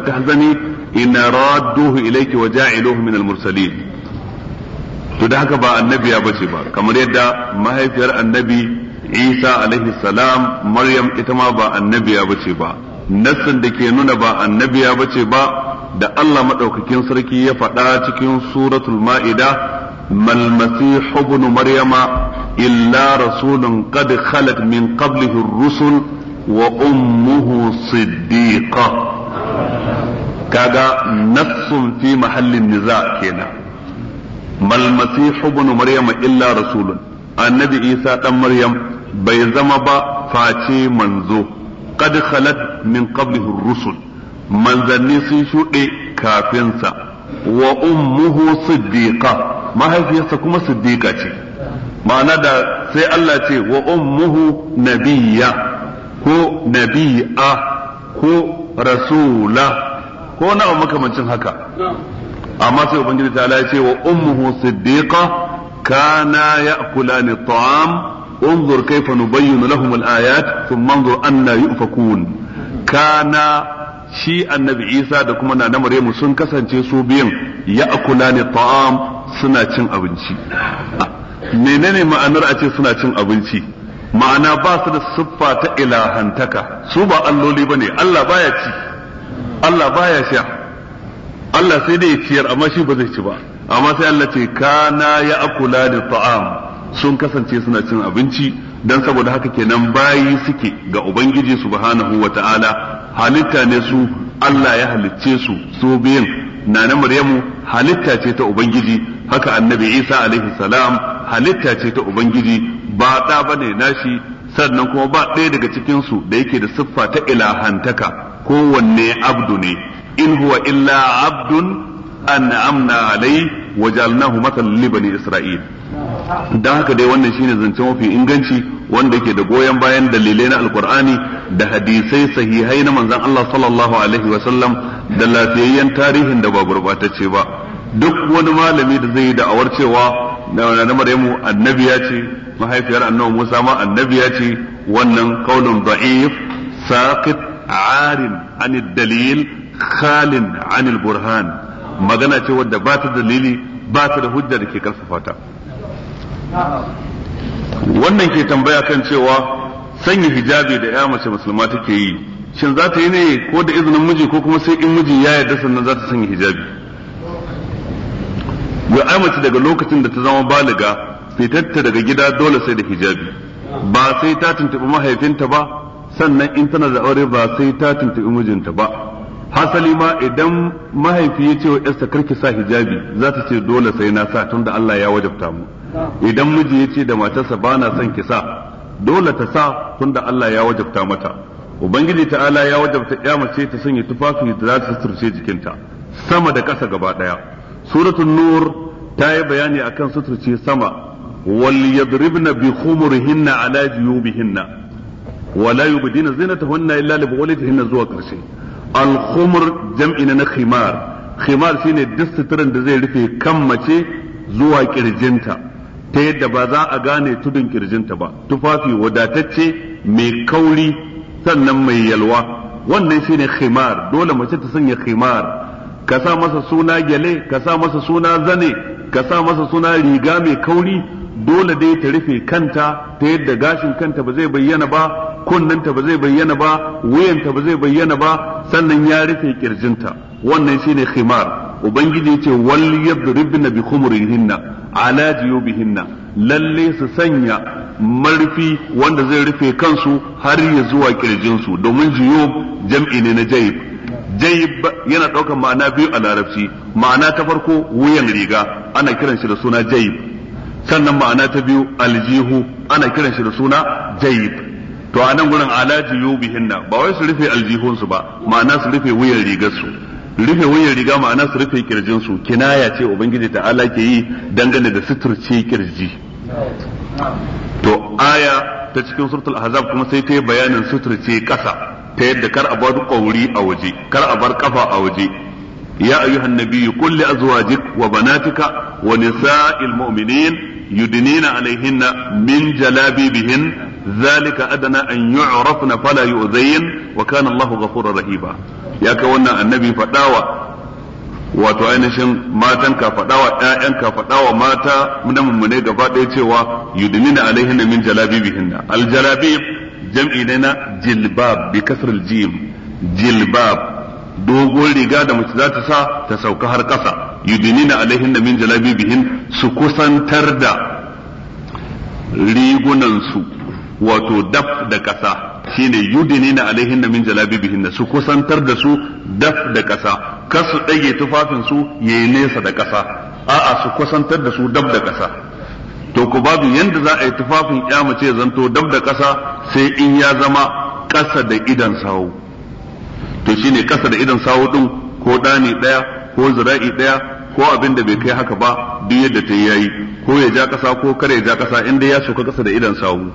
inna radduhu ilayki wa ja'iluhu min al-mursalin to da haka ba annabiya bace ba kamar yadda mahaifiyar annabi Isa alaihi salam Maryam ita ma ba annabiya bace ba nassin da ke nuna ba annabiya bace ba da Allah madaukakin sarki ya faɗa cikin suratul ma'ida mal masih maryama illa rasulun qad khalad min qablihi rusul wa ummuhu siddiqah kaga nassun fi mahallin niza kenan mal masihu ibn maryam illa rasulun annabi isa dan maryam bai zama ba face manzo qad khalat min qablihi rusul manzanni sun shuɗe kafinsa wa ummuhu siddiqa mahaifiyarsa kuma siddiqa ce ma'ana da sai Allah ce wa ummuhu nabiyya ko nabi'a ko rasula ko na abu makamancin haka amma sai ubangiji ta ya ce wa ummuhu siddiqa kana ya'kulani ta'am انظر كيف نبين لهم الآيات ثم انظر أنا يؤفكون Kana shi Annabi Isa da kuma na Maryamu sun kasance su biyan ya'kulani ta'am suna cin abinci menene ma'anar a ce suna cin abinci ma'ana ba su da siffa ta ilahantaka su ba alloli bane Allah baya ci Allah baya sha Allah sai dai ciyar amma shi ba zai ci ba amma sai Allah ce kana ya akula da ta'am sun kasance suna cin abinci dan saboda haka kenan bayi suke ga ubangiji subhanahu wataala halitta ne su Allah ya halicce su su biyan nana Maryamu halitta ce ta ubangiji haka annabi Isa alaihi salam halitta ce ta ubangiji ba da bane nashi sannan kuma ba ɗaya daga cikin su da yake da siffa ta ilahantaka kowanne abdu ne in huwa illa abdun an'amna alai wajalnahu matalan li bani isra'il dan haka dai wannan shine zancen mafi inganci wanda yake da goyon bayan dalilai na alqur'ani da hadisai sahihai na manzon Allah sallallahu alaihi wa sallam da lafiyayyen tarihin da ba gurbatacce ba duk wani malami da zai yi da'awar cewa na Maryamu annabiya ce mahaifiyar annabi Musa ma annabiya ce wannan qaulun da'if saqit arin an dalil khalin an burhan magana ce wadda ba ta dalili ba ta da hujja da ke karfafa wannan ke tambaya kan cewa sanya hijabi da ya mace musulma take yi shin za ta yi ne ko da izinin miji ko kuma sai in miji ya yarda sannan za ta sanya hijabi ya mace daga lokacin da ta zama baliga fitarta daga gida dole sai da hijabi ba sai ta tuntuɓi mahaifinta ba sannan in tana da aure ba sai ta tuntubi mijinta ba hasali ma idan mahaifi ya ce wa yarsa karki sa hijabi za ta ce dole sai na sa tunda Allah ya wajabta mu idan miji ya ce da matarsa ba na son ki sa dole ta sa tunda Allah ya wajabta mata ubangiji ta'ala ya wajabta ya mace ta sanya tufafi da za ta suturce jikinta sama da ƙasa gaba ɗaya suratul nur ta yi bayani akan suturce sama wal yadribna bi khumurihinna ala jiyubihinna wala yubdina zinatahunna illa li bughulatihinna zuwa karshe al jam'ina na himar khimar shine distirin da zai rufe kan mace zuwa kirjinta ta yadda ba za a gane tudun kirjinta ba tufafi wadatacce mai kauri sannan mai yalwa wannan shine khimar dole mace ta sanya khimar ka sa masa suna gyale ka sa masa suna zane ka sa masa suna riga mai kauri dole dai ta rufe kanta ta yadda gashin kanta ba zai bayyana ba kunnanta ba zai bayyana ba wuyanta ba zai bayyana ba sannan ya rufe kirjinta wannan shine khimar ubangiji yace wal yadribna bi khumurihinna ala jiyubihinna lalle su sanya marfi wanda zai rufe kansu har ya zuwa kirjinsu domin jiyub jam'i ne na jayib jayib yana ɗaukar ma'ana biyu a larabci ma'ana ta farko wuyan riga ana kiran shi da suna jayib sannan ma'ana ta biyu aljihu ana kiran shi da suna jayib to a nan gurin ala bihinna ba wai su rufe aljihunsu ba ma'ana su rufe wuyan rigarsu rufe wuyan riga ma'ana su rufe kirjin su kinaya ce ubangiji ta'ala ke yi dangane da suturce kirji to aya ta cikin suratul ahzab kuma sai ta yi bayanin suturce ƙasa ta yadda kar a bar kauri a waje kar a bar kafa a waje يا أيها النبي قل لأزواجك وبناتك ونساء المؤمنين يدنين عليهن من جلابيبهن ذلك أدنى أن يعرفن فلا يؤذين وكان الله غفورا رحيما يا كونا النبي فتاوى wato ainihin matanka faɗawa ƴaƴanka faɗawa mata na mummune gaba ɗaya cewa yudinina alaihinna min jalabibihinna al jalabib jam'i ne na jilbab bi kasr al jilbab dogon riga da mace za ta sa ta sauka har ƙasa Yudini na alaihin da min jalabibihin su kusantar da rigunansu wato daf da ƙasa shine na alaihin da min jalabibihin su kusantar da su daf da ƙasa kar su ɗage tufafinsu ya yi nesa da ƙasa a'a su kusantar da su daf da ƙasa to ku babu yanda za a yi tufafin ya mace zanto daf da ƙasa sai in ya zama ƙasa da idan sawu to shi ne kasa da idan sawu ɗin ko ɗani ɗaya ko zira'i ɗaya ko abin da bai kai haka ba duk yadda ta yi yayi ko ya ja kasa ko kare ya ja kasa inda ya sauka kasa da idan sawo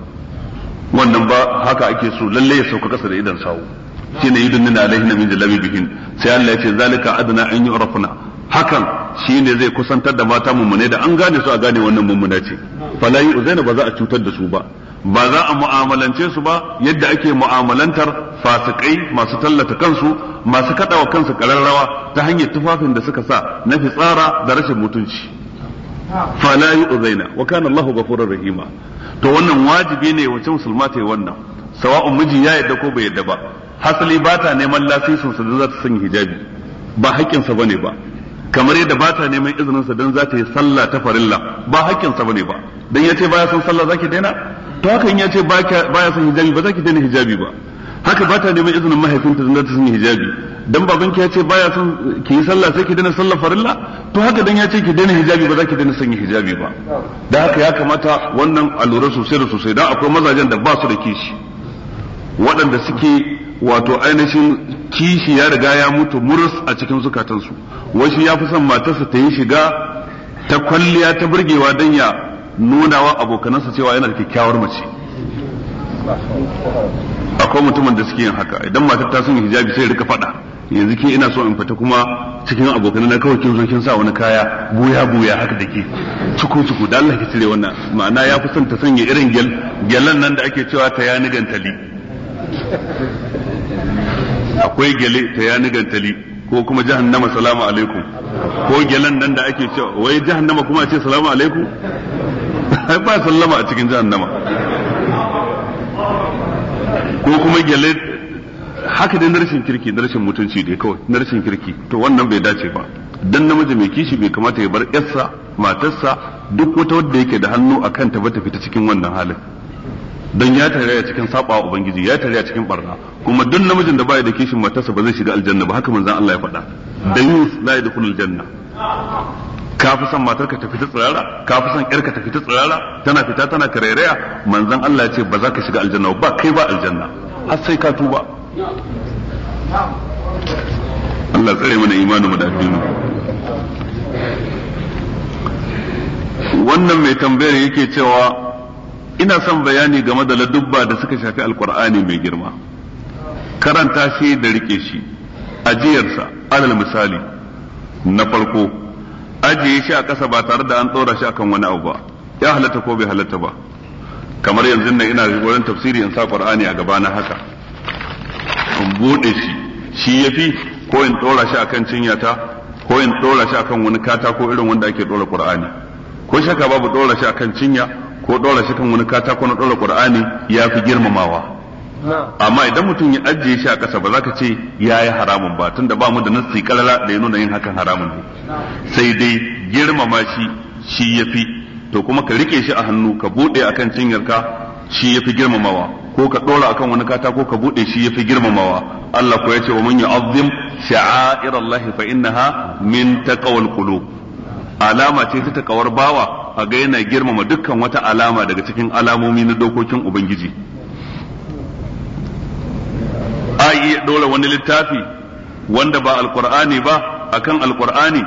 wannan ba haka ake so lalle ya sauka kasa da idan ne yi yudunna alaihi min bihin? sai Allah ya ce zalika adna an yu'rafuna hakan shi ne zai kusantar da mata mummune da an gane su a gane wannan mummuna ce falayi uzaina ba za a cutar da su ba ba za a mu'amalance su ba yadda ake mu'amalantar fasikai masu tallata kansu masu kaɗawa kansu kararrawa ta hanyar tufafin da suka sa na fitsara da rashin mutunci Falayi uZaina wa kana allah ghafurur rahima to wannan wajibi ne wace musulma ta yi wannan sawa'un miji ya yadda ko bai yadda ba hasali ba ta neman lasisin su da za ta sanya hijabi ba haƙƙinsa bane ba kamar yadda ba ta neman izinin sa dan za ta yi sallah ta farilla ba hakkin sa bane ba dan yace baya son sallah zaki daina to haka in yace baya son hijabi ba zaki daina hijabi ba haka ba ta neman izinin mahaifinta dan zata ta sanya hijabi dan babanki yace baya son ki yi sallah sai ki daina sallah farilla to haka dan yace ki daina hijabi ba zaki daina sanya hijabi ba da haka ya kamata wannan alura sosai da sosai dan akwai mazajen da ba su da kishi waɗanda suke wato ainihin kishi ya riga ya mutu murus a cikin zukatansu wasu ya fi son matarsa ta yi shiga ta kwalliya ta burgewa don ya nuna wa abokanansa cewa yana da kyakkyawar mace akwai mutumin da suke yin haka idan matar ta sun hijabi sai rika faɗa yanzu ke ina so in fita kuma cikin abokan na kawai kin zo kin sa wani kaya buya buya haka da ke cuku cuku da Allah ki cire wannan ma'ana ya fi son ta sanya irin gyalan nan da ake cewa ta yani gantali akwai gele ta ya gantali ko kuma jahannama salamu alaikum ko gelen nan da ake cewa wai jahannama kuma a ce salamu alaikum ai ba sallama a cikin jahannama ko kuma gele haka dai na rashin kirki na rashin mutunci dai kawai na rashin kirki to wannan bai dace ba dan namiji mai kishi bai kamata ya bar yarsa matarsa duk wata wadda yake da hannu akan ta ba ta fita cikin wannan halin don ya tarayya cikin saba ubangiji ya tarayya cikin barna kuma duk namijin da baya da kishin matarsa ba zai shiga aljanna ba haka manzon Allah ya faɗa da yus la yadkhulul janna ka fi son matarka ta fita tsirara ka fi son yarka ta fita tsirara tana fita tana karairaya manzon Allah ya ce ba za ka shiga aljanna ba kai ba aljanna har sai ka tuba Allah tsare mana imanin mu da addini wannan mai tambayar yake cewa ina son bayani game da ladubba da suka shafi alkur'ani mai girma karanta shi da rike shi ajiyarsa alal misali na farko ajiye shi a ƙasa ba tare da an ɗora shi akan wani abu ba ya halatta ko bai halatta ba kamar yanzu nan ina wurin tafsiri in sa qur'ani a gaba na haka in bude shi shi yafi ko in ɗora shi akan cinyata ko in ɗora shi akan wani katako irin wanda ake ɗora qur'ani ko shaka babu ɗora shi akan cinya ko ɗora shi kan wani katako na ɗora ƙur'ani ya fi girmamawa amma idan mutum ya ajiye shi a ƙasa ba za ka ce ya yi haramun ba tunda ba mu da nan sai kalala da ya nuna yin hakan haramun ne sai dai girmama shi shi ya fi to kuma ka rike shi a hannu ka buɗe a kan cinyarka shi ya fi girmamawa ko ka ɗora akan wani katako ka buɗe shi ya fi girmamawa Allah ko ya ce wa man yu'azzim sha'airallahi fa innaha min ta qulub alama ce ta takawar bawa a ga yana girmama dukkan wata alama daga cikin alamomi na dokokin ubangiji a iya ɗora wani littafi wanda ba alkur'ani ba akan alkur'ani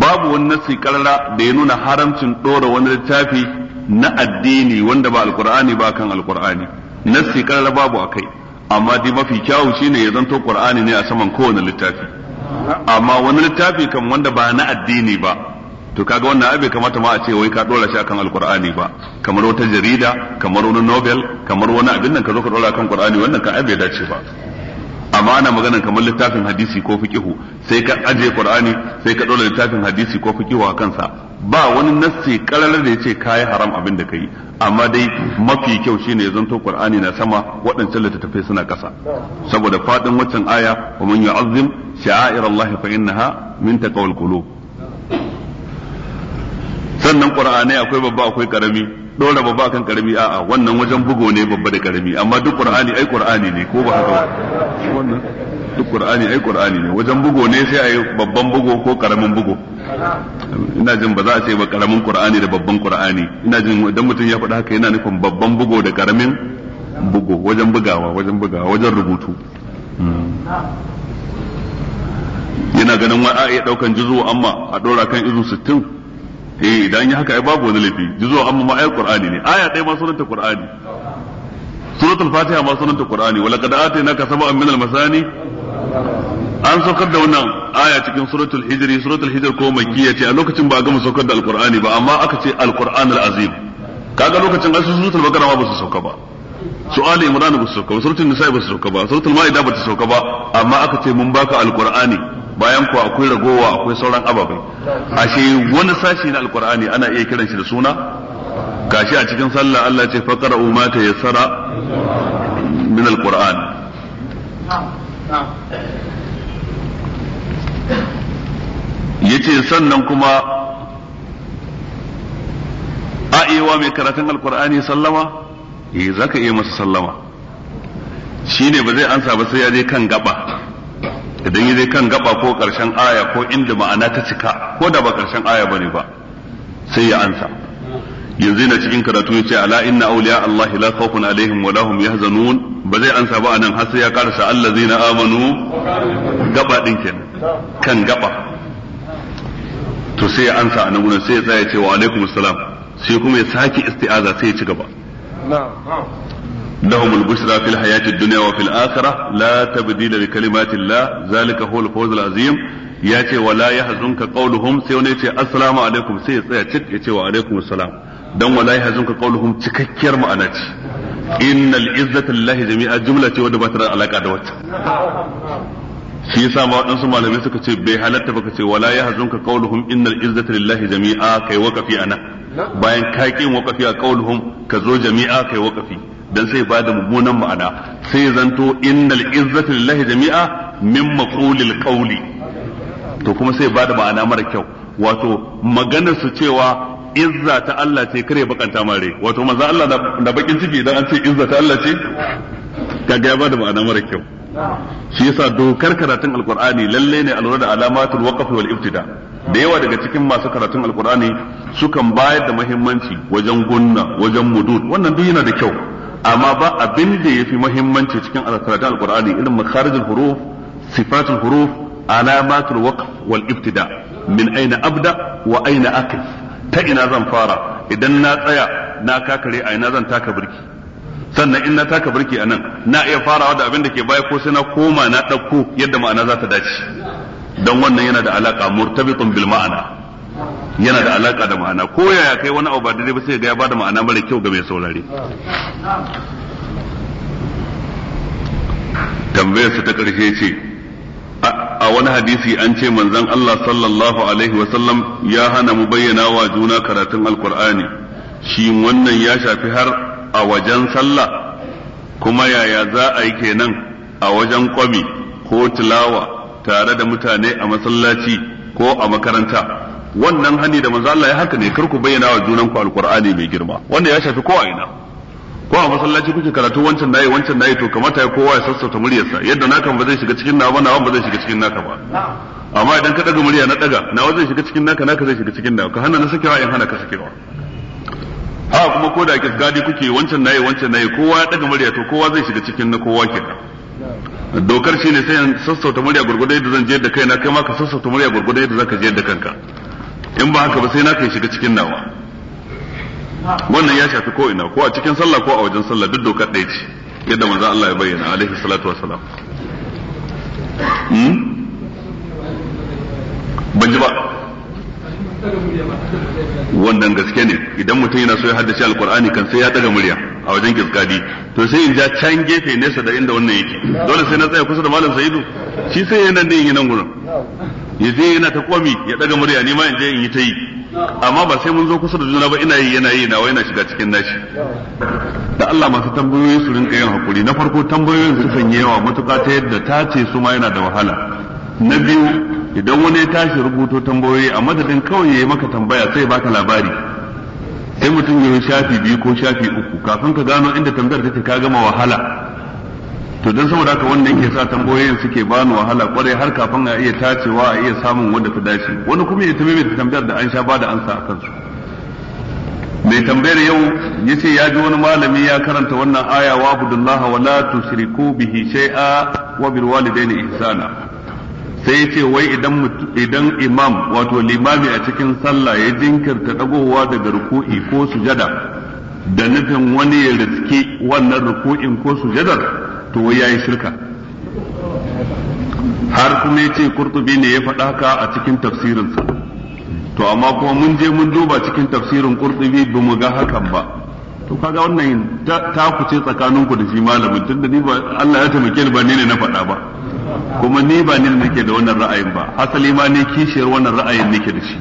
babu wani nasi ƙarara da ya nuna haramcin ɗora wani littafi na addini wanda ba alkur'ani ba akan alkur'ani nasi ƙarara babu a kai amma dai mafi kyawu shine ya zanto qur'ani ne a saman kowane littafi amma wani littafi kan wanda ba na addini ba to kaga wannan abin kamata ma a ce wai ka dora shi akan alqur'ani ba kamar wata jarida kamar wani nobel kamar wani abin nan ka zo ka dora akan qur'ani wannan kan abin ce ba amma ana magana kamar littafin hadisi ko fiqihu sai ka aje qur'ani sai ka dora littafin hadisi ko fiqihu a kansa ba wani nassi karalar da yace kai haram abin da kai amma dai mafi kyau shine ya zanto qur'ani na sama waɗancan littattafai suna ƙasa saboda fadin waccan aya wa man yu'azzim sha'airallahi fa innaha min taqwal qulub sannan qur'ani akwai babba akwai karami dora babba akan karami a'a wannan wajen bugo ne babba da karami amma duk qur'ani ai qur'ani ne ko ba haka ba wannan duk qur'ani ai qur'ani ne wajen bugo ne sai ai babban bugo ko karamin bugo ina jin ba za a ce ba karamin qur'ani da babban qur'ani ina jin idan mutum ya faɗa haka yana nufin babban bugo da karamin bugo wajen bugawa wajen bugawa wajen rubutu hmm. yana ganin wa a iya daukan juzu amma a dora kan izu sittin. eh idan yi haka ai babu wani laifi juzo amma ma ayar qur'ani ne aya ɗaya ma sunanta qur'ani suratul fatiha ma sunanta qur'ani wa laqad atainaka sab'an min al-masani an saukar da wannan aya cikin suratul hijri suratul hijr ko makkiya ce a lokacin ba a gama saukar da alqur'ani ba amma aka ce alqur'an al-azim kaga lokacin asu suratul bakara ma ba su sauka ba su ali imran ba su sauka ba suratul nisa ba su sauka ba suratul maida ba ta sauka ba amma aka ce mun baka alqur'ani bayan kuwa akwai ragowa akwai sauran ababai ashe wani sashi na alkur'ani ana iya kiran shi da suna gashi a cikin sallah Allah ce faqara ma ta yassara min alqur'an yace sannan kuma a'iwa mai karatun alkur'ani sallama eh zaka iya masa sallama shine ba zai ansa ba sai ya je kan gaba idan zai kan gaba ko ƙarshen aya ko inda ma'ana ta cika ko da ba ƙarshen aya bane ba sai ya ansa yanzu yana cikin karatu ce ala inna auliya allahi la khawfun alaihim wa lahum yahzanun ba zai ansa ba anan har sai ya karasa allazina amanu gaba din kenan kan gaba to sai ya ansa anan gurin sai ya tsaya ce wa alaikum assalam sai kuma ya saki isti'aza sai ya ci gaba لهم البشرى في الحياة الدنيا وفي الآخرة لا تبديل لكلمات الله ذلك هو الفوز العظيم ياتي ولا يحزنك قولهم sai wani yace assalamu alaikum sai ya tsaya cik yace wa alaikum assalam dan wala yahzunka qauluhum cikakkiyar ma'ana ce innal lillahi jami'a jumla ce ba ta da da shi ma waɗansu malamai suka ce bai halatta baka ce wala yahzunka qauluhum innal izzata lillahi jami'a kai waqafi ana bayan ka kin waqafi a qauluhum ka zo jami'a kai waqafi dan sai ba da mummunan ma'ana sai zanto innal izzata lillahi jami'a min maqulil qawli to kuma sai ba da ma'ana mara kyau wato maganar su cewa izza ta Allah ce kare bakanta mare wato manzo Allah da bakin ciki idan an ce izza ta Allah ce kaga ya ba da ma'ana mara kyau shi yasa dokar karatun alqur'ani lalle ne alura da alamatul waqf wal ibtida da yawa daga cikin masu karatun alqur'ani sukan bayar da muhimmanci wajen gunna wajen mudud wannan duk yana da kyau amma ba abin da fi muhimmanci cikin alkaratun alkurani irin makharijul huruf sifatul huruf alamatul waqf wal ibtida min aina abda wa aina aqif ta ina zan fara idan na tsaya na kakare a ina zan taka birki sannan in na taka birki a nan na iya farawa da abin da ke baya ko sai na koma na ɗauko yadda ma'ana za ta dace don wannan yana da alaƙa murtabitun bil ma'ana yana da alaka da ma'ana ko yaya kai wani abu ba daidai ba sai ga ya bada ma'ana mara kyau ga mai saurare tambayar su ta karshe ce a wani hadisi an ce manzon Allah sallallahu alaihi wa ya hana mu bayyana wa juna karatun alkur'ani shi wannan ya shafi har a wajen sallah kuma yaya za a yi kenan a wajen kwami ko tilawa tare da mutane a masallaci ko a makaranta wannan hani da manzo Allah ya haka ne kar ku bayyana wa junanku alqur'ani mai girma wanda ya shafi kowa ina ko a masallaci kuke karatu wancan nayi wancan nayi to kamata ya kowa ya sassauta muryarsa yadda naka ba zai shiga cikin nawa nawa ba zai shiga cikin naka ba amma idan ka daga murya na daga nawa zai shiga cikin naka naka zai shiga cikin nawa ka hana na sakewa in hana ka sakewa ha kuma ko da gadi kuke wancan nayi wancan nayi kowa ya daga murya to kowa zai shiga cikin na kowa kenan dokar shine sai sassauta murya gurgurdai da zan je da kaina kai ma ka sassauta murya gurgurdai da zaka je da kanka in ba haka ba sai na kai shiga cikin nawa wannan ya shafi ko ina ko a cikin sallah ko a wajen sallah duk dokar ɗaya ce yadda manzo Allah ya bayyana alaihi salatu wassalam hmm? ban ji ba wannan gaske ne idan mutum yana so ya haddace alqur'ani kan sai ya daga murya a wajen kiskadi to sai in ja can gefe nesa da inda wannan yake dole sai na tsaya kusa da malam sa'idu shi sai yana nan din nan gurin ya je yana ta kwami ya daga murya ni ma in je in yi ta yi amma ba sai mun zo kusa da juna ba ina yi yana yi nawa yana shiga cikin nashi da Allah masu tambayoyin su rinka yin hakuri na farko tambayoyin su kan yawa matuƙa ta yadda ta ce su ma yana da wahala na biyu idan wani ya tashi rubuto tambayoyi a madadin kawai ya yi maka tambaya sai baka labari sai mutum ya yi shafi biyu ko shafi uku kafin ka gano inda tambayar take ka gama wahala to don saboda haka wannan yake sa tambayoyin suke bani wahala kwarai har kafin a iya tacewa a iya samun wanda ta dace wani kuma ya tambaye ta tambayar da an sha bada ansa a kansu mai tambayar yau ya ce ya ji wani malami ya karanta wannan aya wa abdullahi wa la tushriku bihi shay'a wa bil walidaini ihsana sai yace wai idan idan imam wato limami a cikin sallah ya jinkirta dagowa daga ruku'i ko sujada da nufin wani ya riske wannan ruku'in ko sujadar to wai yayi shirka har kuma yace qurtubi ne ya faɗa haka a cikin tafsirinsa to amma kuma mun je mun duba cikin tafsirin qurtubi ba mu ga hakan ba to kaga wannan ta kuce tsakanin ku da shi malamin tunda ni ba Allah ya taimake ni ba ni ne na faɗa ba kuma ni ba ni nake da wannan ra'ayin ba asali ma ne kishiyar wannan ra'ayin nake da shi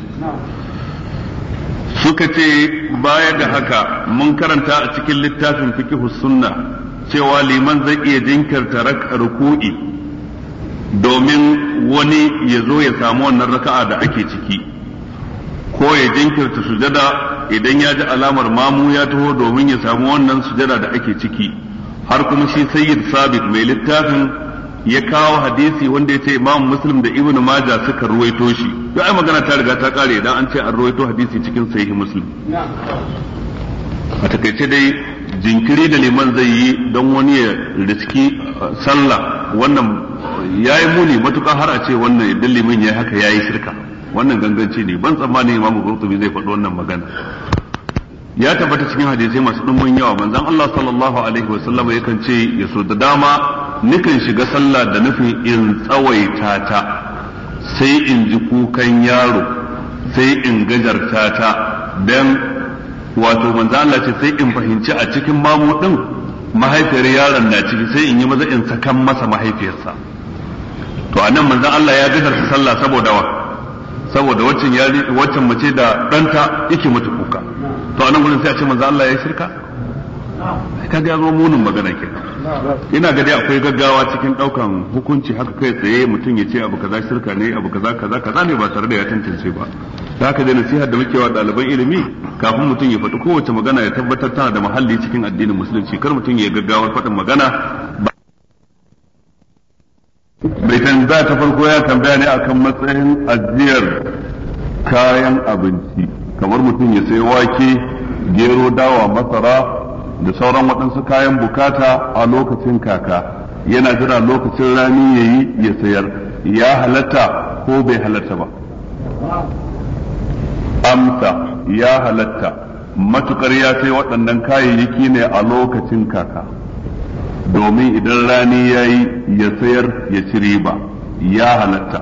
suka ce baya da haka mun karanta a cikin littafin fiqhus sunna cewa liman zai iya jinkirta ruku'i domin wani ya zo ya samu wannan raka'a da ake ciki ko ya jinkirta sujada idan ya ji alamar mamu ya taho domin ya samu wannan sujada da ake ciki har kuma shi sayyid sabit mai littafin ya kawo hadisi wanda ya ce imam muslim da ibnu maja suka ruwaito shi to ai magana ta riga ta kare idan an ce an ruwaito hadisi cikin sahih muslim a takaice dai jinkiri da liman zai yi don wani ya riski uh, sallah wannan uh, ya yi muni matuƙa har a ce wannan idan liman ya haka ya yi shirka wannan ganganci ne ban tsammanin imamu gurtubi zai faɗi wannan magana ya tabbata cikin hadisai masu ɗumbin yawa manzon Allah sallallahu alaihi wasallam kan ce ya so da dama nikan shiga sallah da nufin in tsawaita ta sai in ji kukan yaro sai in gajarta ta dan wato manzo Allah ce sai in fahimci a cikin mamu din mahaifiyar yaron na ciki sai in yi maza in sakan masa mahaifiyarsa to anan manzo Allah ya gadar sallah saboda wa saboda waccan yari waccan mace da danta yake mata kuka to anan gurin sai a ce manzo Allah ya shirka Ka ga zo munin magana ke ina ga akwai gaggawa cikin daukan hukunci haka kai tsaye mutum ya ce abu kaza shirka ne abu kaza kaza kaza ne ba tare da ya tantance ba da haka dai nasihar da muke wa ɗaliban ilimi kafin mutum ya faɗi kowace magana ya tabbatar tana da muhalli cikin addinin musulunci kar mutum ya gaggawar faɗin magana bai canza ta farko ya tambaya ne akan matsayin ajiyar kayan abinci kamar mutum ya sai wake gero dawa masara da sauran waɗansu kayan bukata a lokacin kaka yana jira lokacin rani ya yi ya sayar ya halatta ko bai halatta ba amsa ya halatta matukar ya sai waɗannan kayayyaki ne a lokacin kaka domin idan rani ya yi ya sayar ya ci ba ya halatta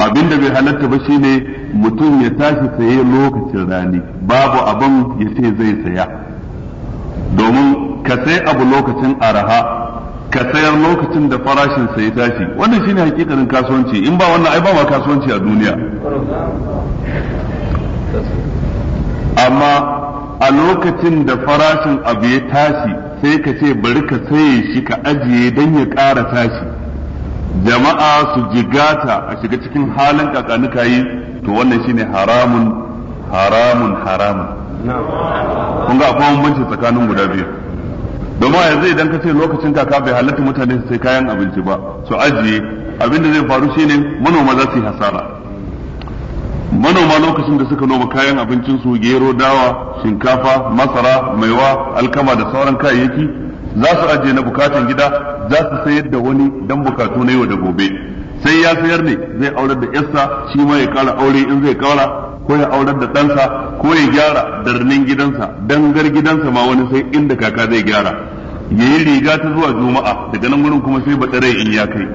Abin da bai halatta ba shine mutum ya tashi saye lokacin rani babu abin ya ce zai saya domin ka sai abu lokacin araha ka sayar lokacin da farashin sai tashi wannan shine hakikanin kasuwanci in ba wannan ai ba ma kasuwanci a duniya amma a lokacin da farashin abu ya tashi sai ka ce bari ka saye shi ka ajiye don ya ƙara tashi jama'a su jigata a shiga cikin halin kakanuka yi to wannan shine haramun haramun haramun kun ga akwai bambanci tsakanin guda biyu domin a yanzu idan ka ce lokacin kaka bai halatta mutane su sai kayan abinci ba su ajiye abin da zai faru ne manoma za su yi hasara manoma lokacin da suka noma kayan abincin su gero dawa shinkafa masara maiwa alkama da sauran kayayyaki za su ajiye na bukatun gida za su sayar da wani dan bukatu na yau da gobe sai ya sayar ne zai aurar da yarsa shi ma ya kara aure in zai kara ko ya aurar da ɗansa ko ya gyara darnin gidansa dangar gidansa ma wani sai inda kaka zai gyara ya yi riga ta zuwa juma'a daga nan wurin kuma sai baɗare in ya kai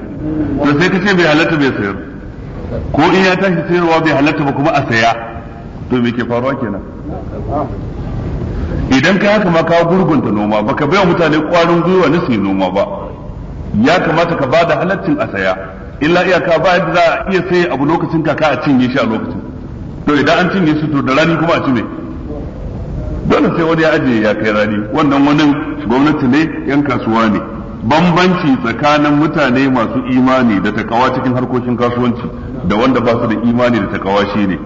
to sai ka ce bai halatta bai sayar ko in ya tashi sayarwa bai halatta ba kuma a saya to me ke faruwa kenan idan ka haka ma ka gurgunta noma baka bai wa mutane kwarin gwiwa na su noma ba ya kamata ka ba da halaccin a saya illa iyaka ba yadda za a iya saye abu lokacin kaka a cinye shi a lokacin to idan an cinye su to da rani kuma a ci me dole sai wani ya ajiye ya kai rani wannan wani gwamnati ne yan kasuwa ne bambanci tsakanin mutane masu imani da takawa cikin harkokin kasuwanci da wanda ba su da imani da takawa shi ne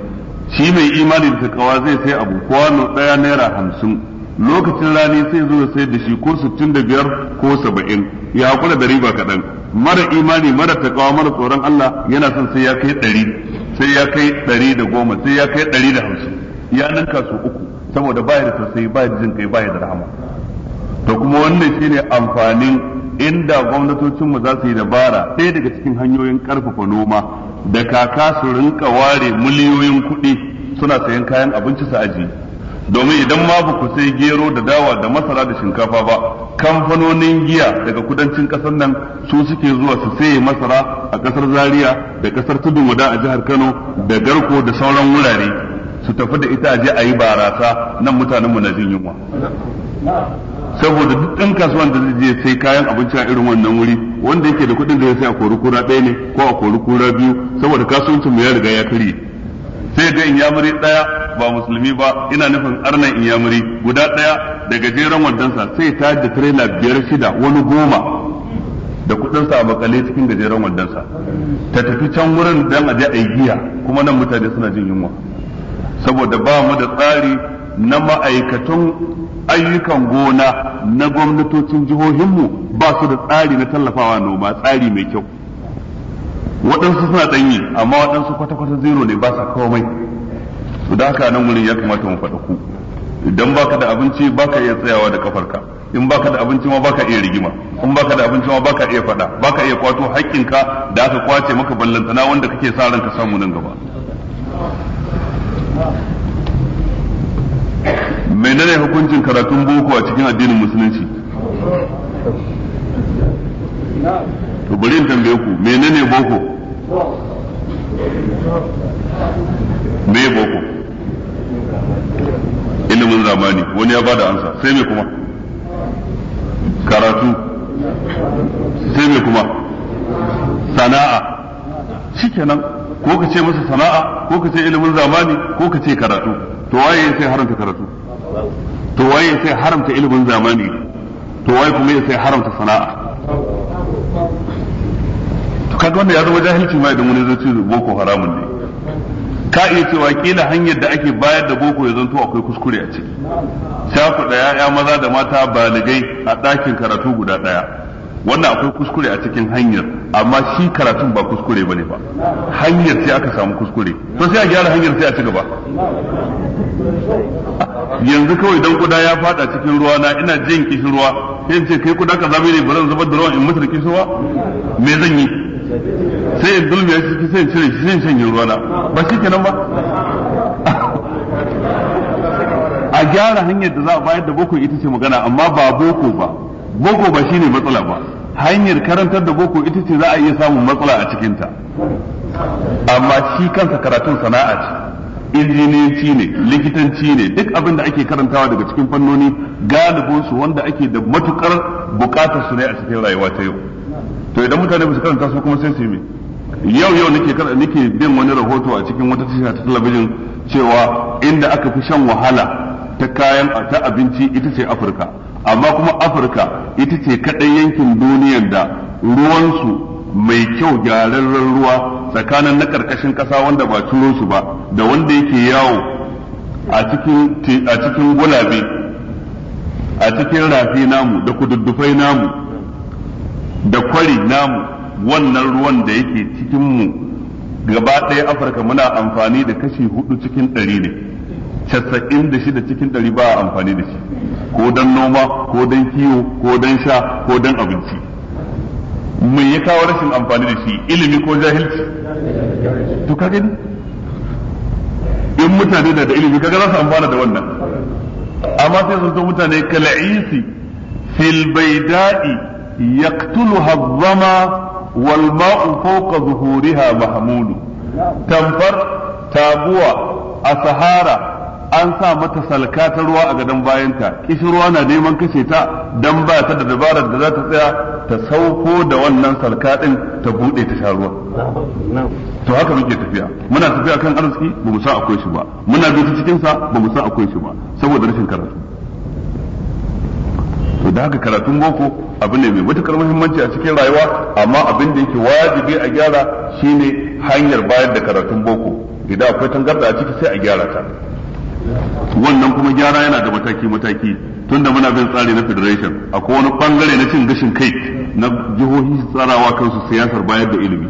shi mai imani da takawa zai sai abu kwano ɗaya naira hamsin lokacin rani sai zo ya sayar da shi ko sittin da biyar ko saba'in ya kula da riba kaɗan mara imani mara takawa mara tsoron Allah yana son sai ya kai ɗari sai ya kai ɗari da goma sai ya kai ɗari da hamsin ya ninka su uku saboda baya da tausayi baya da jin kai baya da rahama to kuma wannan shine amfanin inda gwamnatocinmu za su yi dabara ɗaya daga cikin hanyoyin ƙarfafa noma da kaka su rinka ware miliyoyin kuɗi suna sayan kayan abinci su ajiye domin idan ma ba ku sai gero da dawa da masara da shinkafa ba kamfanonin giya daga kudancin kasar nan su suke zuwa su saye masara a kasar zariya da kasar tudun wada a jihar kano da garko da sauran wurare su tafi da ita aje a yi barasa nan mutanen na jin yunwa saboda duk ɗan kasuwan da zai je sai kayan abinci a irin wannan wuri wanda yake da kuɗin da ya sai a kori kura ɗaya ne ko a kori kura biyu saboda kasuwancin mu ya riga ya kare sai ga inyamuri ɗaya ba musulmi ba ina nufin arnan inyamuri guda ɗaya da gajeren wandansa sai ta da tirela biyar shida wani goma da kudinsa a makale cikin gajeren wandansa ta tafi can wurin dan a je a yi giya kuma nan mutane suna jin yunwa saboda ba mu da tsari na ma'aikatan ayyukan gona na gwamnatocin jihohinmu ba su da tsari na tallafawa noma tsari mai kyau waɗansu suna ɗanyi amma waɗansu kwata-kwata zero ne ba sa mai. su da haka nan wurin ya kamata mu faɗa ku idan baka da abinci baka iya tsayawa da kafarka in baka da abinci ma baka iya rigima in baka da abinci ma baka iya fada baka iya kwato haƙƙinka da aka kwace maka ballantana wanda kake sa ranka samu nan gaba menene hukuncin karatun boko a cikin addinin musulunci to bari in tambaye ku menene boko me boko ilimin zamani wani ya bada ansa sai me kuma karatu sai me kuma sana'a shikenan ko ka ce masa sana'a ko ka ce ilimin zamani ko ka ce karatu to waye ya sai haramta karatu to waye ya sai haramta ilimin zamani to waye kuma ya sai haramta sana'a to kaga wanda ya zama jahilci ma idan wani zai ce boko haramun ne ka iya cewa kila hanyar da ake bayar da boko ya zanto akwai kuskure a ciki da ya'ya maza da mata baligai a ɗakin karatu guda ɗaya wannan akwai kuskure a cikin hanyar amma shi karatun ba kuskure bane ba hanyar sai aka samu kuskure to sai a gyara hanyar sai a ci gaba yanzu kawai dan kuda ya fada cikin ruwa na ina jin kishin ruwa sai ce kai kuda ka zabe ne bari zubar da ruwan in mutar kishin ruwa me zan yi sai in dulmi ya ciki sai in cire shi sai in ruwa ruwana ba shi kenan ba a gyara hanyar da za a bayar da boko ita ce magana amma ba boko ba boko ba shine matsala ba hanyar karantar da boko ita ce za a iya samun matsala a cikinta amma shi kansa karatun sana'a ce injiniyanci ne likitanci ne duk abin da ake karantawa daga cikin fannoni galibinsu wanda ake da matukar bukatar su ne a cikin rayuwa ta yau to idan mutane su karanta su kuma sai su yi me yau yau nake nake bin wani rahoto a cikin wata tasha ta talabijin cewa inda aka fi shan wahala ta kayan ta abinci ita ce Afirka amma kuma Afirka ita ce kadan yankin duniyar da ruwansu mai kyau gyararren ruwa tsakanin na karkashin kasa wanda ba turo su ba da wanda yake yawo a cikin a cikin gulabe a cikin rafi namu da kududdufai namu kwari namu wannan ruwan da yake cikin mu gaba ɗaya afirka muna amfani da kashi hudu cikin ɗari ne casa'in da shida cikin ɗari ba a amfani da shi ko don noma ko don kiwo ko don sha ko don abinci mai ya kawo rashin amfani da shi ilimi ko jahilci to ka gani in mutane da da ilimi kaga za su amfana da wannan amma sai sun mutane kala'isi fil baida'i يقتلها Habbama والماء فوق ظهورها محمول تنفر تابوة an sa mata salka ta ruwa a gadon bayanta kishirwa na neman kashe ta dan ba ta da dabarar da za ta tsaya ta sauko da wannan salka din ta bude ta sharuwa. to haka muke tafiya muna tafiya kan arziki ba mu san akwai shi ba muna bi cikin sa ba mu san akwai shi ba saboda rashin karatu to da haka karatun boko abu ne mai matukar muhimmanci a cikin rayuwa amma abin da yake wajibi a gyara shine hanyar bayar da karatun boko idan akwai tangarda a ciki sai a gyara ta wannan kuma gyara yana da mataki mataki tunda muna bin tsari na federation akwai wani bangare na cin gashin kai na jihohi tsarawa kansu siyasar bayar da ilimi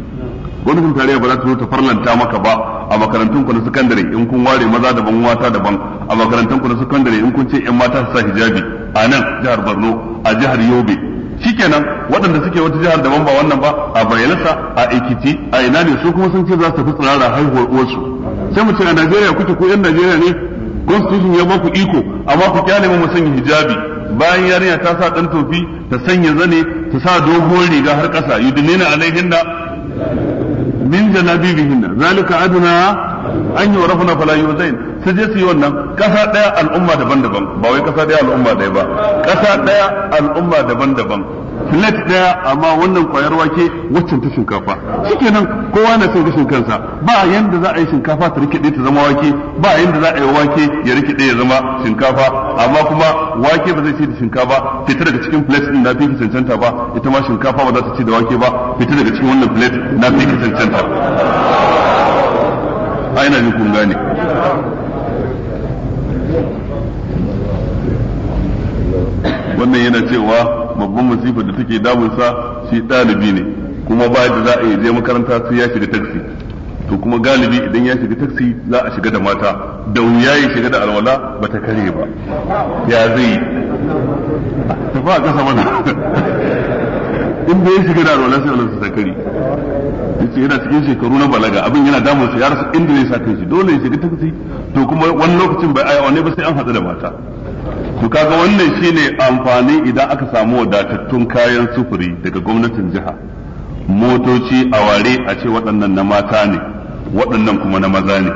gwamnatin tarayya ba za ta zo ta farlanta maka ba a makarantun ku na sakandare in kun ware maza daban mata daban a makarantun ku na sakandare in kun ce yan mata su sa hijabi a nan jihar Borno a jihar Yobe shikenan waɗanda suke wata jihar daban ba wannan ba a Bayelsa a Ekiti a ina ne su kuma sun ce za su tafi tsirara haihuwar uwarsu sai mu ce a Najeriya kuke ko yan Najeriya ne constitution ya baku iko amma ku kyale mu sanya hijabi bayan yarinya ta sa dan tofi ta sanya zane ta sa dogon riga har ƙasa yudinina alaihinna min jalabibihinna zalika adna an yi warafuna fala yuzain su je su yi wannan kasa daya al'umma daban-daban ba wai kasa daya al'umma daya ba kasa daya al'umma daban-daban plate daya amma wannan kwayar wake waccan ta shinkafa shikenan kowa na son gashin kansa ba yanda za a yi shinkafa ta rikide ta zama wake ba yanda za a yi wake ya rikide ya zama shinkafa amma kuma wake ba zai ci da shinkafa fita daga cikin plate din na fi cancanta ba ita ma shinkafa ba za ta ci da wake ba fita daga cikin wannan plate na fi cancanta A na jin kun gane wannan yana cewa babban masifar da take damunsa shi ɗalibi ne kuma ba da za a yi je makaranta sai ya shiga taksi to kuma galibi idan ya shiga taksi za a shiga da mata da wuya ya shiga da alwala ba ta kare ba ya zai ta ba kasa mana inda ya shiga da alwala sai alwala ta kare yace yana cikin shekaru na balaga abin yana damun sa ya rasa inda ne sa kai shi dole ya shiga taksi to kuma wani lokacin bai aya wani ba sai an hadu da mata to kaga wannan shine amfani idan aka samu wadatattun kayan sufuri daga gwamnatin jiha motoci a ware a ce waɗannan na mata ne waɗannan kuma na maza ne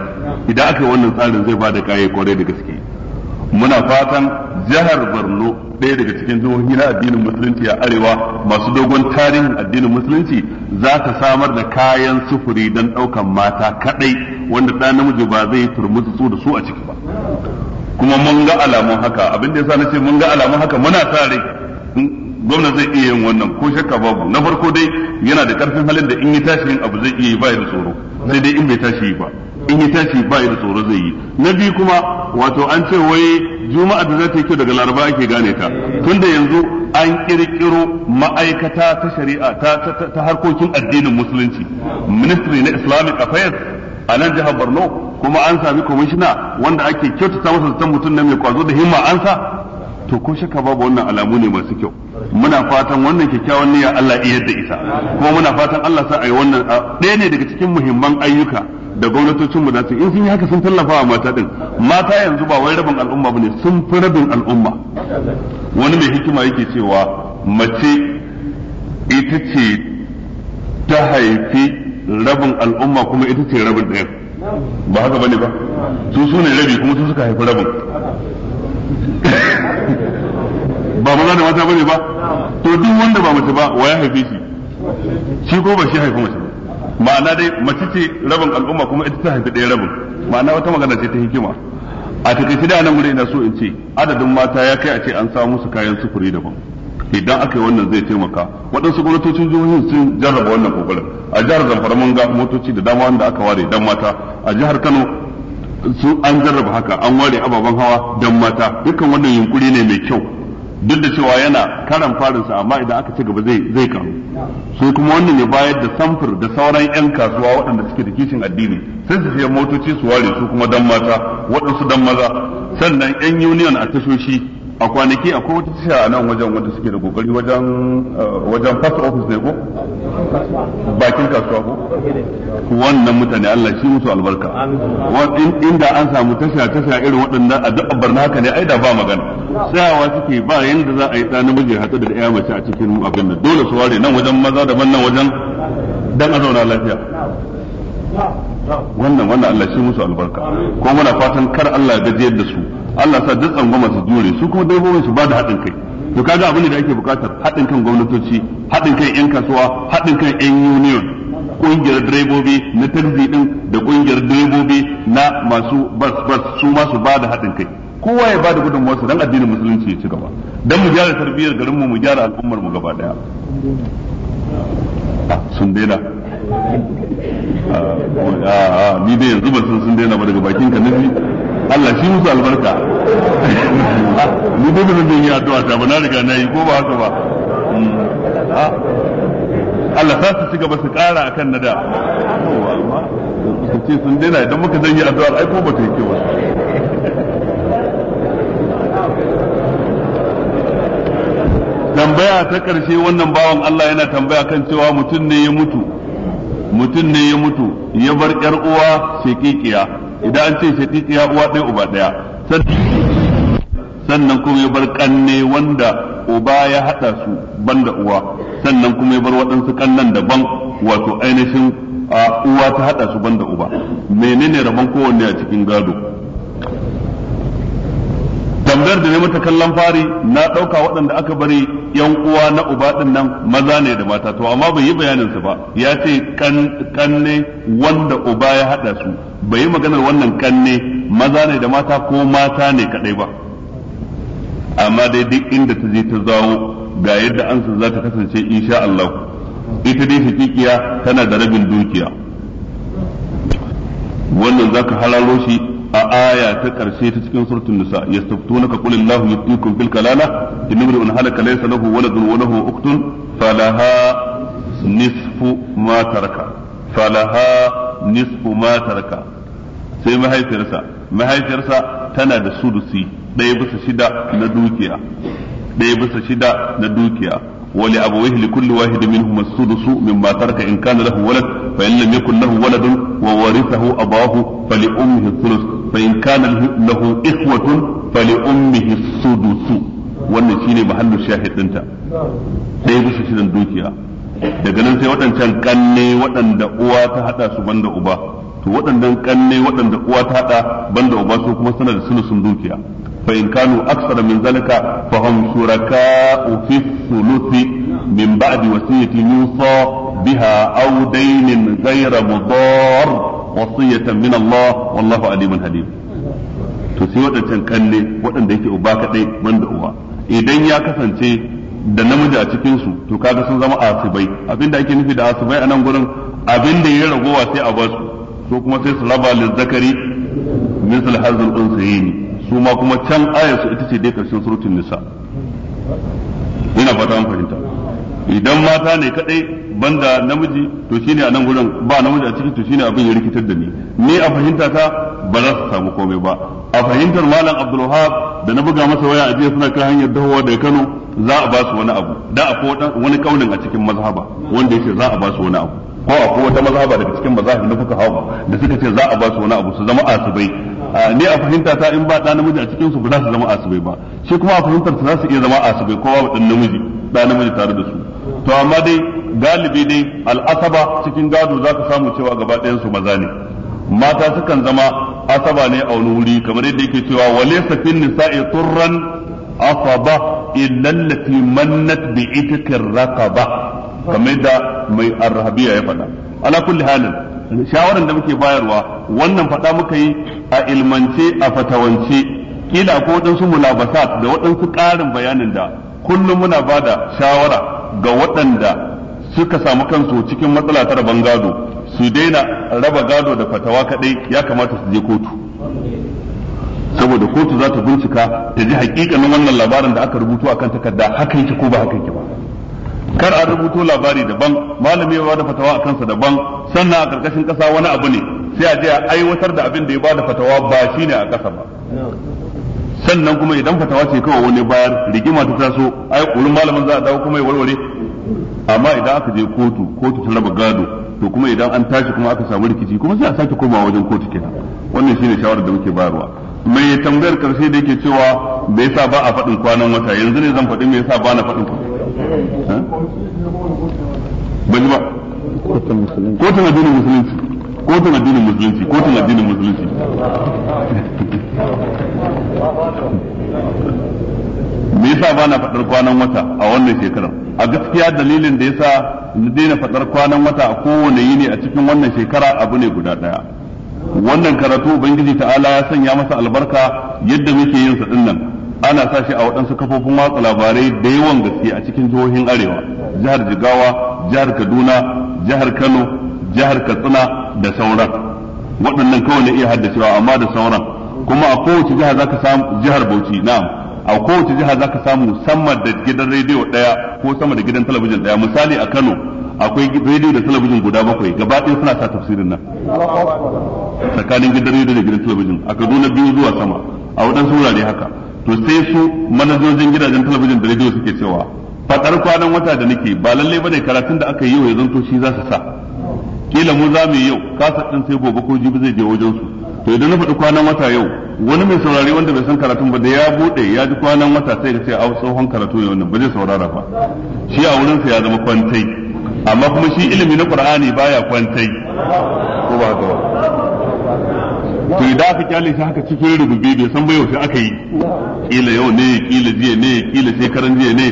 idan aka yi wannan tsarin zai bada kaye kwarai da gaske muna fatan jihar Borno ɗaya daga cikin jihohi na addinin musulunci a arewa masu dogon tarihin addinin musulunci za ta samar da kayan sufuri don ɗaukan mata kaɗai wanda ɗan namiji ba zai turmutsu da su a ciki ba kuma mun ga alamun haka abin da yasa nace mun ga alamun haka muna sa rai gwamna zai iya yin wannan ko shakka babu na farko dai yana da karfin halin da in ya tashi yin abu zai iya yi ba da tsoro sai dai in bai tashi yi ba in ya tashi ba da tsoro zai yi na biyu kuma wato an ce wai juma'a da za ta yi kyau daga laraba ake gane ta tun da yanzu an kirkiro ma'aikata ta shari'a ta harkokin addinin musulunci ministry na islamic affairs a nan jihar borno kuma an sami kwamishina wanda ake kyautata masa san mutum na mai kwazo da himma an sa to ko shaka babu wannan alamu ne masu kyau muna fatan wannan kyakkyawan niyya Allah iya da Isa. kuma muna fatan Allah sa ayi wannan ɗaya ne daga cikin muhimman ayyuka da gwamnatocin mu za in sun yi haka sun tallafa wa mata din mata yanzu ba wai rabin al'umma bane sun fi rabin al'umma wani mai hikima yake cewa mace ita ce ta haifi rabin al'umma kuma ita ce rabin ɗaya. ba haka bane ba su su ne rabi kuma su suka haifi rabin ba maza da mata bane ba to duk wanda ba mace ba wa ya haife shi shi ko ba shi haifi mace ma'ana dai mace ce rabin al'umma kuma ita ta haifi ɗaya rabin ma'ana wata magana ce ta hikima a takaice da nan gure ina so in ce adadin mata ya kai a ce an samu su kayan sufuri daban idan aka yi wannan zai taimaka waɗansu gwamnatocin jihohin sun jarraba wannan kokarin a jihar zamfara mun ga motoci da dama wanda aka ware dan mata a jihar kano su an jarraba haka an ware ababen hawa dan mata dukkan wannan yunkuri ne mai kyau duk da cewa yana karan farinsa amma idan aka ci gaba zai zai karu su kuma wannan ne bayar da samfur da sauran yan kasuwa waɗanda suke da kishin addini sai su siya motoci su ware su kuma dan mata waɗansu dan maza sannan yan union a tashoshi a kwanaki akwai wata tasha a nan wajen wanda suke da kokari wajen eh, wajen post office ne ko bakin kasuwa ko wannan mutane Allah shi musu albarka inda an samu tasha tasha irin waɗannan a duk na haka ne ai da ba magana tsayawa suke ba yanda za a yi ɗan namiji haɗu da ɗaya mace a cikin abin nan dole su ware nan wajen maza daban nan wajen dan a zauna lafiya wannan wannan Allah shi musu albarka ko muna fatan kar Allah ya gajiyar da su Allah sa duk tsangwama su jure su kuma dabbobin su ba da haɗin kai to kaga abin da ake bukatar haɗin kan gwamnatoci haɗin kan yan kasuwa haɗin kan yan union kungiyar direbobi na taxi din da kungiyar direbobi na masu bas bas su ma su ba da haɗin kai kowa ya bada sa dan addinin musulunci ya ci gaba dan mu gyara tarbiyyar garin mu mu gyara al'ummar mu gaba daya ah, sun daina Ah, ah, ah, ni dai yanzu ban san sun daina ba daga bakin ka nufi Allah shi musu albarka ni dai ban san yi addu'a ta ba na riga na yi ko ba haka ba hmm. Allah sa su ci gaba su kara akan na da su ce sun daina idan muka janye addu'a ai ko ba ta yi ba? tambaya ta karshe wannan bawan Allah yana tambaya kan cewa mutum ne ya mutu mutum ne ya mutu ya bar yar uwa shekikiya idan an ce shekikiya uwa ɗaya uba ɗaya sannan kuma ya bar ƙanne wanda uba ya haɗa su banda uwa sannan kuma ya bar waɗansu kannan daban wato ainihin uwa ta haɗa su banda uba menene rabon kowanne a cikin gado tambayar da ne mata kallon fari na ɗauka waɗanda aka bari yan uwa na uba ɗin nan maza ne da mata to amma bai yi bayanin su ba ya ce kanne wanda uba ya haɗa su bai yi maganar wannan kanne maza ne da mata ko mata ne kaɗai ba amma dai duk inda ta je ta zawo ga yadda ansa za ta kasance insha Allah ita dai hakikiya tana da rabin dukiya wannan zaka halalo shi a aya ta karshe ta cikin suratul nisa yastaftunaka qul illahu yuftikum fil kalala in imrun halaka laysa lahu waladun wa lahu ukhtun falaha nisfu ma taraka falaha nisfu ma taraka sai mahaifiyarsa mahaifiyarsa tana da sudusi ɗaya bisa shida na dukiya ɗaya bisa shida na dukiya wali abawaihi li kulli wahid minhum as-sudusu mimma taraka in kana lahu walad fa in lam yakun lahu waladun wa warithahu abahu fa li ummihi thuluth fa in kana lahu ikhwatun fali ummihi sudusu wannan shine mahallu shahid dinta sai bisa shirin dukiya daga nan sai waɗancan ƙanne waɗanda uwa ta haɗa su banda uba to waɗannan kanne waɗanda uwa ta hada banda uba su kuma suna da sunusun dukiya fa in kanu aksara min zalika fa hum fi thuluthi min ba'di wasiyati yusa biha aw daynin ghayra mudar wasiyatan min Allah wallahu alimun halim to sai waɗancan kalle waɗanda yake uba kaɗai man da uwa idan ya kasance da namiji a cikin su to kaga sun zama asibai abinda ake nufi da asibai a nan gurin abinda ya ragowa sai a basu su kuma sai su raba zakari misal hazul unsayni su ma kuma can aya su ita ce dai karshen suratul nisa ina fata an fahimta idan mata ne kadai banda namiji to shine a nan gurin ba namiji a ciki to shine abin ya rikitar da ni ni a fahimta ta ba za su samu komai ba a fahimtar malam Abdul Wahab da na buga masa waya a jiya suna kan hanyar dawowa daga Kano za a ba su wani abu da a ko wani kaunin a cikin mazhaba wanda yake za a ba su wani abu ko a ko wata mazhaba daga cikin mazahib na fuka hawa da suka ce za a ba su wani abu su zama asibai ni a fahimta ta in ba da namiji a cikin su ba za su zama asibai ba shi kuma a fahimtar su za su iya zama asibai kowa dan namiji da namiji tare da su to amma dai galibi dai al'asaba cikin gado za ka samu cewa gaba su maza ne mata sukan zama asaba ne a wani wuri kamar yadda yake cewa walaysa fin nisa'i turran asaba illa allati mannat bi ka raqaba kamar da mai arhabiya ya faɗa ala kulli halin shawaran da muke bayarwa wannan faɗa muka yi a ilmance a fatawance kila ko waɗansu mulabasat da waɗansu ƙarin bayanin da kullum muna bada shawara ga waɗanda suka samu kansu cikin matsala ta raban gado su daina raba gado da fatawa kaɗai, ya kamata su je kotu saboda kotu za ta bincika ta ji hakikanin wannan labarin da aka rubuto kan takarda haka ki ko ba haka ki ba kar a rubuto labari daban malami ya bada fatawa a kansa daban sannan a karkashin ƙasa wani abu ne sai a je a aiwatar da abin da ya bada fatawa ba shine a ƙasa ba sannan kuma idan fatawa ce kawai wani bayar rigima ta taso ai kullum malamin za a dawo kuma ya warware amma idan aka je kotu kotu ta raba gado to kuma idan an tashi kuma aka samu rikici kuma sai a sake komawa wajen kotu kenan wannan shine shawarar da muke bayarwa mai tambayar karshe da yake cewa me yasa ba a faɗin kwanan wata yanzu ne zan faɗi me yasa ba na faɗin kwanan ba kotun musulunci kotun addinin musulunci kotun addinin musulunci me yasa ba na faɗar kwanan wata a wannan shekarar a gaskiya dalilin da yasa na daina faɗar kwanan wata a kowane yini a cikin wannan shekara abu ne guda ɗaya wannan karatu ubangiji ta'ala ya sanya masa albarka yadda muke yin sa dinnan ana sa shi a waɗansu kafofin watsa labarai da yawan gaske a cikin jihohin arewa jihar jigawa jihar kaduna jihar kano jihar katsina da sauran waɗannan kawai na iya haddacewa amma da sauran kuma a kowace jiha zaka samu jihar bauchi na'am a kowace jiha zaka samu sama da gidan rediyo ɗaya ko sama da gidan talabijin ɗaya misali a kano akwai rediyo da talabijin guda bakwai gaba ɗaya suna sa tafsirin nan tsakanin gidan rediyo da gidan talabijin a kaduna biyu zuwa sama a waɗansu wurare haka to sai su manajojin gidajen talabijin da rediyo suke cewa fadar kwanan wata da nake ba lalle bane karatun da aka yi wa ya zanto shi za su sa kila mu za mu yi yau kasa din sai gobe ko jibi zai je wajen su to idan na faɗi kwanan wata yau wani mai saurari wanda bai san karatun ba da ya bude ya ji kwanan wata sai ka ce a tsohon karatu ne wannan ba zai saurara ba shi a sa ya zama kwantai amma kuma shi ilimi na qur'ani baya kwantai ko ba haka to idan aka kyale shi haka cikin rububi bai san ba yaushe aka yi kila yau ne kila jiya ne kila shekaran jiya ne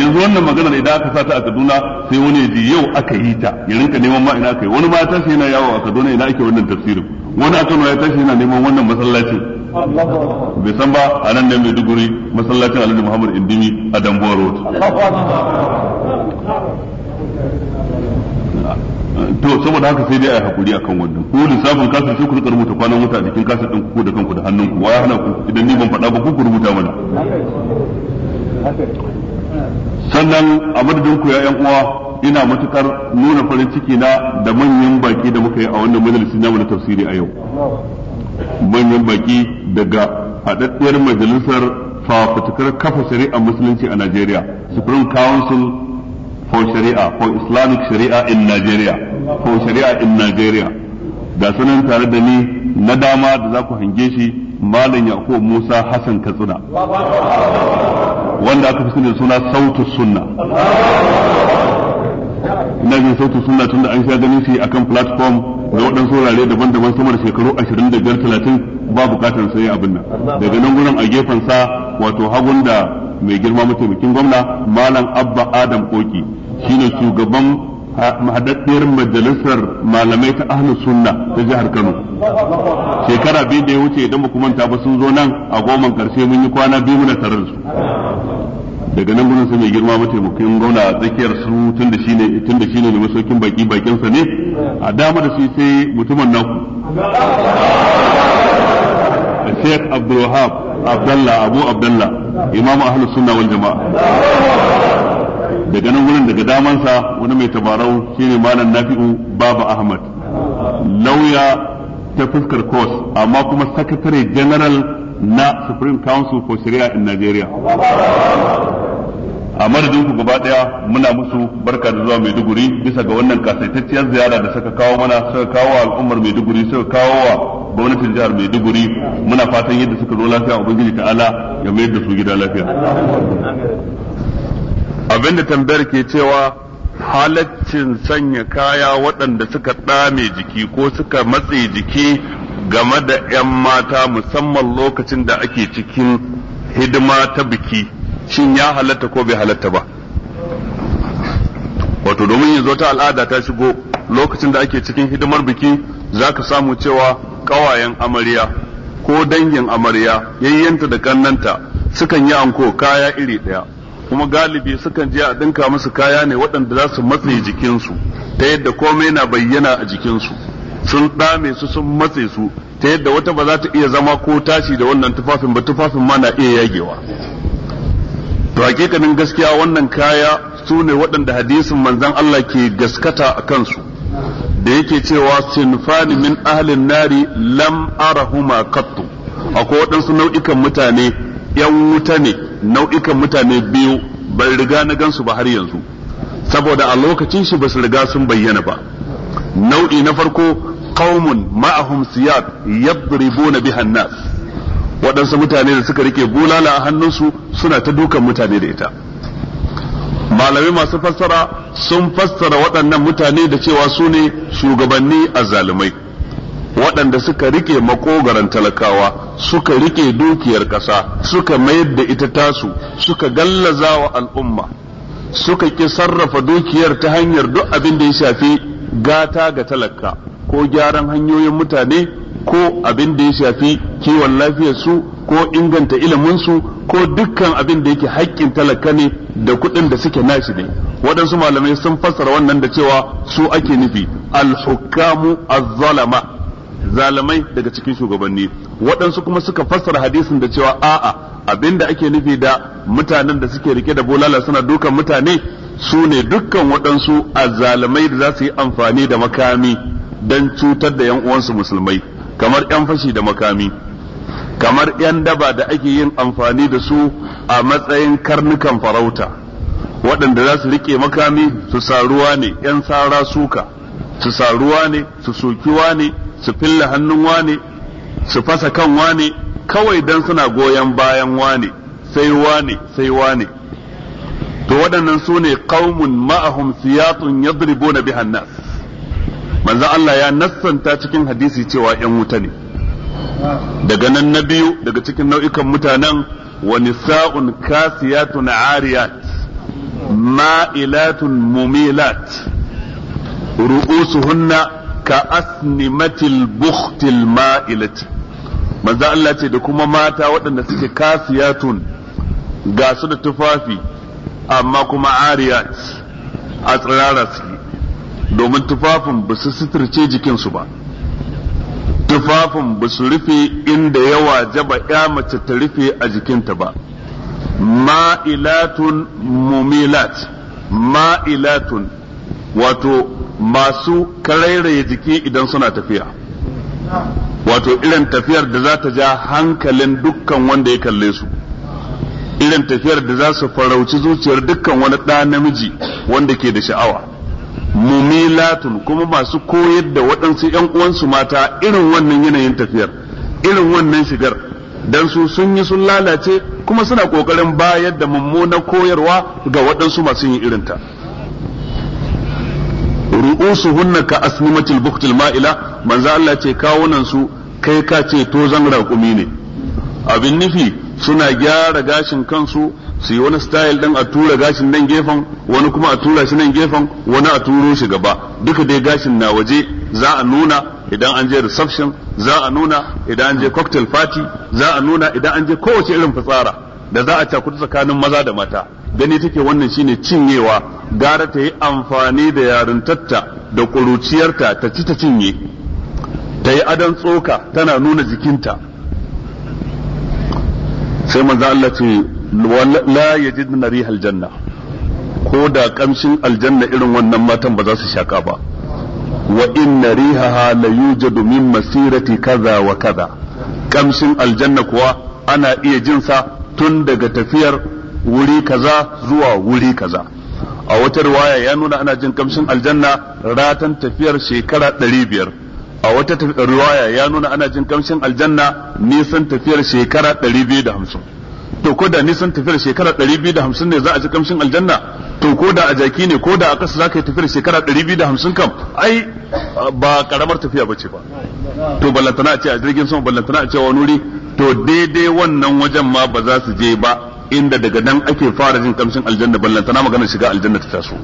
yanzu wannan maganar idan aka sa ta a Kaduna sai wani ya ji yau aka yi ta ya rinka neman ma ina aka yi wani ma ya tashi yana yawo a Kaduna ina ake wannan tafsirin wani a Kano ya tashi yana neman wannan masallacin bai san ba a nan ne Maiduguri masallacin Alhaji Muhammad Indimi a Dambuwa Road to saboda haka sai dai a hakuri akan wannan ko lissafin kasa sai ku rubuta kwanan wuta a jikin kasa din ku da kanku da hannun ku waya hana ku idan ni ban faɗa ba ku ku rubuta mana sannan a madadin ku ya uwa ina matukar nuna farin ciki na da manyan baki da muka yi a wannan majalisin namu na tafsiri a yau manyan baki daga haɗaɗɗiyar majalisar fafutukar kafa shari'a musulunci a Najeriya Supreme Council for Sharia for Islamic Sharia in Nigeria ko shari'a in Najeriya ga sunan tare da ni na dama da za ku hange shi Malam Yakubu Musa Hassan Katsina wanda aka fi sani da suna sautu sunna ina jin sautu sunna tunda an sha ganin shi akan platform da waɗansu wurare daban-daban sama da shekaru 25-30 ba bukatar sai abin nan daga nan gurin a gefen sa wato hagun da mai girma mataimakin gwamna malam abba adam koki shine shugaban mahadadiyar majalisar malamai ta ahlus sunna ta jihar Kano shekara biyu da ya wuce idan ba manta ba sun zo nan a goman karshe mun yi kwana biyu muna tare da su daga nan gudun sai mai girma mataimakin gwamna a tsakiyar su tun da shine tun shine ne masaukin baki bakin sa ne a dama da shi sai mutumin ku Sheikh Abdul Wahab Abdullah Abu Abdullah Imam Ahlus Sunna wal Jama'a daga nan wurin daga damansa wani mai tabarau shine malam nafi'u baba ahmad lauya ta fuskar kos amma kuma sakatare general na supreme council for syria in nigeria a madadin ku gaba daya muna musu barka da zuwa maiduguri bisa ga wannan kasaitacciyar ziyara da suka kawo mana suka kawo wa al'ummar maiduguri suka kawo wa gwamnatin jihar maiduguri muna fatan yadda suka zo lafiya ubangiji ta'ala ya mayar da su gida lafiya abinda tambayar ke cewa halaccin sanya kaya waɗanda suka ɗame jiki ko suka matse jiki game da 'yan mata musamman lokacin da ake cikin hidima ta biki shin ya halatta ko bai halatta ba wato domin yanzu ta al'ada ta shigo lokacin da ake cikin hidimar biki za ka samu cewa ƙawayen amarya ko dangin amarya yayyanta da kannanta sukan yi anko kaya iri ɗaya kuma galibi sukan je a dinka musu kaya ne waɗanda za su matse jikinsu ta yadda komai na bayyana a jikinsu sun ɗame su sun matse su ta yadda wata ba za ta iya zama ko tashi da wannan tufafin ba tufafin ma na iya yagewa to hakikanin gaskiya wannan kaya su ne waɗanda hadisin manzan Allah ke gaskata a kansu da yake cewa sinfani min ahlin nari lam arahuma kattu akwai waɗansu nau'ikan mutane yan wuta ne nau'ikan mutane biyu bai riga na gansu ba har yanzu saboda a lokacin shi ba su riga sun bayyana ba nau'i na farko qaumun ma'ahum siyad yadribuna biha an-nas waɗansu mutane da suka rike bulala a hannunsu suna ta dukan mutane da ita malamai masu fassara sun fassara waɗannan mutane da cewa su ne shugabanni azzalumai waɗanda suka rike makogaran talakawa suka rike dukiyar ƙasa suka mayar da ita tasu suka gallaza wa al'umma suka ƙi sarrafa dukiyar ta hanyar duk abin da ya shafi gata ga talaka ko gyaran hanyoyin mutane ko abin da ya shafi kiwon lafiyarsu ko inganta iliminsu ko dukkan abin da yake haƙƙin talaka ne da kuɗin da suke nashi ne waɗansu malamai sun fassara wannan da cewa su ake nufi al-hukamu az-zalama zalamai daga cikin shugabanni waɗansu kuma suka fassara hadisin da cewa a'a abinda ake nufi da mutanen da suke rike da bulala suna dukan mutane su ne dukkan waɗansu a zalamai da za su yi amfani da makami don cutar da 'yan uwansu musulmai kamar 'yan fashi da makami kamar 'yan daba da ake yin amfani da su a matsayin karnukan farauta waɗanda za su rike makami su saruwa ne 'yan tsara suka su saruwa ne su sokiwa ne su filla hannun wane su fasa kan wane kawai dan suna goyon bayan wane sai wane sai wane to waɗannan su ne qaumun ma'ahum siyatun yadribuna bi nas manzo Allah ya nassanta cikin hadisi cewa ‘yan wuta ne, daga nan na biyu daga cikin nau'ikan mutanen wani sa'un kasiyatun ariyat, ma'ilatun mumilat, ru'usuhunna ka asnimatil buhtil ma'ilati manzo Allah ce da kuma mata waɗanda suke kasiyatun ga su da tufafi amma kuma ariyat a tsirara suke domin tufafin ba su suturce jikinsu ba tufafin ba su rufe inda yawa jaba ya mace ta rufe a jikinta ba ma'ilatun mumilat ma'ilatun wato masu karairaye jiki idan suna tafiya wato irin tafiyar da za ta ja hankalin dukkan wanda ya kalle su irin tafiyar da za su farauci zuciyar dukkan wani ɗa namiji wanda ke da sha'awa mumilatun kuma masu koyar da waɗansu ‘yan uwansu mata irin wannan yanayin tafiyar irin wannan shigar don su sun yi sun lalace kuma suna ƙoƙarin bayar da mummunar koyarwa ga waɗansu masu yin irinta. ru'usuhunna ka asnimatil buktil ma'ila manzo Allah ce kawunan su kai ka ce to zan raƙumi ne abin nufi suna gyara gashin kansu su yi wani style din a tura gashin nan gefen wani kuma a tura shi nan gefen wani a turo shi gaba duka dai gashin na waje za a nuna idan an je reception za a nuna idan an je cocktail party za a nuna idan an je kowace irin fitsara da za a cakuta tsakanin maza da mata gani take wannan shine cinyewa gara ta yi amfani da yarintarta da ƙuruciyarta ta ci ta cinye ta yi adon tsoka tana nuna jikinta sai manzo Allah ce la yajid narihal aljanna. ko da kamshin aljanna irin wannan matan ba za su shaka ba wa inna rihaha la yujadu min masirati kaza wa kaza kamshin aljanna kuwa ana iya jinsa tun daga tafiyar wuri kaza zuwa wuri kaza a wata riwaya ya nuna ana jin kamshin aljanna ratan tafiyar shekara ɗari biyar a wata riwaya ya nuna ana jin kamshin aljanna nisan tafiyar shekara ɗari biyu da hamsin to ko da nisan tafiyar shekara ɗari biyu da hamsin ne za a ji kamshin aljanna to ko da a jaki ne ko da a ƙasa za ka yi tafiyar shekara ɗari biyu da hamsin kam ai ba ƙaramar tafiya ba ce ba to ballantana a ce a jirgin sama ballantana a ce wani wuri to daidai wannan wajen ma ba za su je ba inda daga nan ake fara jin kamshin aljanna ballan tana magana shiga aljanna ta taso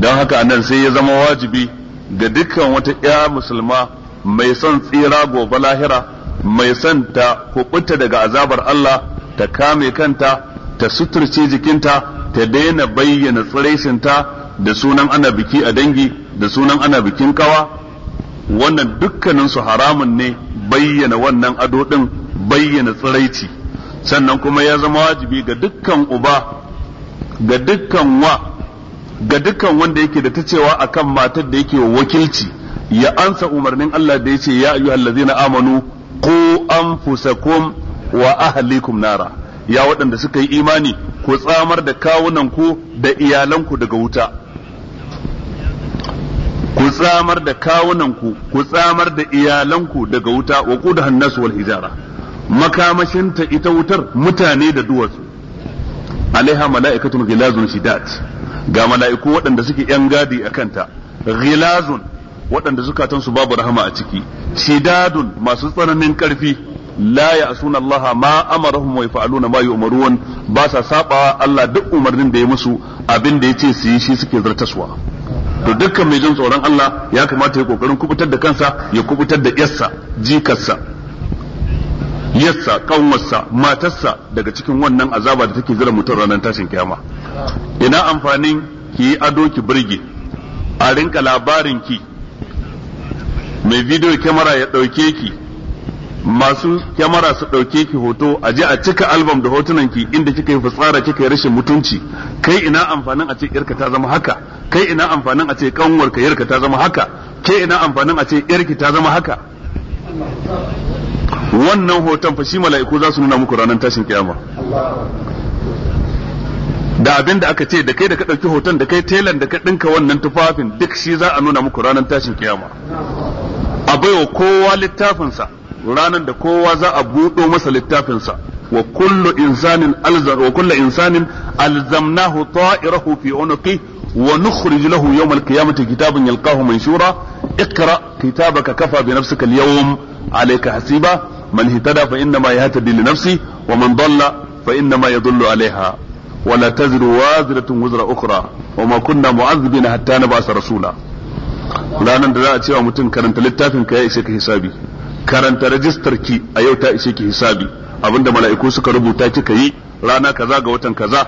don haka anan sai ya zama wajibi ga dukkan wata ya musulma mai son tsira gobe lahira mai son ta kubuta daga azabar Allah ta kame kanta ta suturce jikinta ta daina bayyana tsiraicinta da sunan ana biki a dangi da sunan ana bikin kawa wannan dukkaninsu haramun ne bayyana wannan ado din bayyana tsiraici sannan kuma ya zama wajibi ga dukkan uba ga dukkan wa ga dukkan wanda yake da ta cewa akan matar da yake wakilci ya ansa umarnin Allah da yace ya ayyuhal ladzina amanu qu anfusakum wa ahlikum nara ya waɗanda suka yi imani ku tsamar da kawunanku da iyalanku daga wuta ku tsamar da kawunanku ku tsamar da iyalanku daga wuta wa qudahan nas wal hijara makamashinta ita wutar mutane da duwatsu alaiha mala'ikatun ghilazun shidat ga mala'iku waɗanda suke yan gadi a kanta ghilazun waɗanda su babu rahama a ciki shidadun masu tsananin ƙarfi la ya'suna Allah ma amarahum wa yaf'aluna ma yu'marun ba sa saba Allah duk umarnin da ya musu abin da yace su yi shi suke zartaswa to dukkan mai jin tsoron Allah ya kamata ya kokarin kubutar da kansa ya kubutar da yarsa jikarsa yassa kanwarsa matarsa daga cikin wannan azaba da take zira mutum ranar tashin kiyama ina amfanin ki yi ado ki birge a rinka labarin ki mai bidiyo kyamara ya ɗauke ki masu kyamara su ɗauke ki hoto a je a cika albam da hotunan ki inda kika yi fitsara kika yi rashin mutunci kai ina amfanin a ce yarka ta zama haka kai ina amfanin a ce kanwarka yarka ta zama haka ke ina amfanin a ce yarki ta zama haka wannan hoton fa shi mala'iku za su nuna muku ranar tashin kiyama da abin da aka ce da kai da ka ɗauki hoton da kai telan da ka ɗinka wannan tufafin duk shi za a nuna muku ranar tashin kiyama a baiwa kowa littafinsa ranar da kowa za a buɗo masa littafinsa wa kullu insanin alzam wa kullu insanin alzamnahu ta'irahu fi unqi wa nukhrij lahu yawm al-qiyamati kitaban yalqahu manshura اقرأ كتابك كفى بنفسك اليوم man hitada fa inna ma yahtadi li nafsi wa man dalla fa inna ma yadullu alaiha wa la taziru waziratun wuzra ukhra wa ma kunna mu'azzibina hatta nab'asa rasula Ranar da za a ce cewa mutum karanta littafin ka ya ishe ka hisabi karanta rajistar ki a yau ta ishe ki hisabi abinda mala'iku suka rubuta kika yi rana kaza ga watan kaza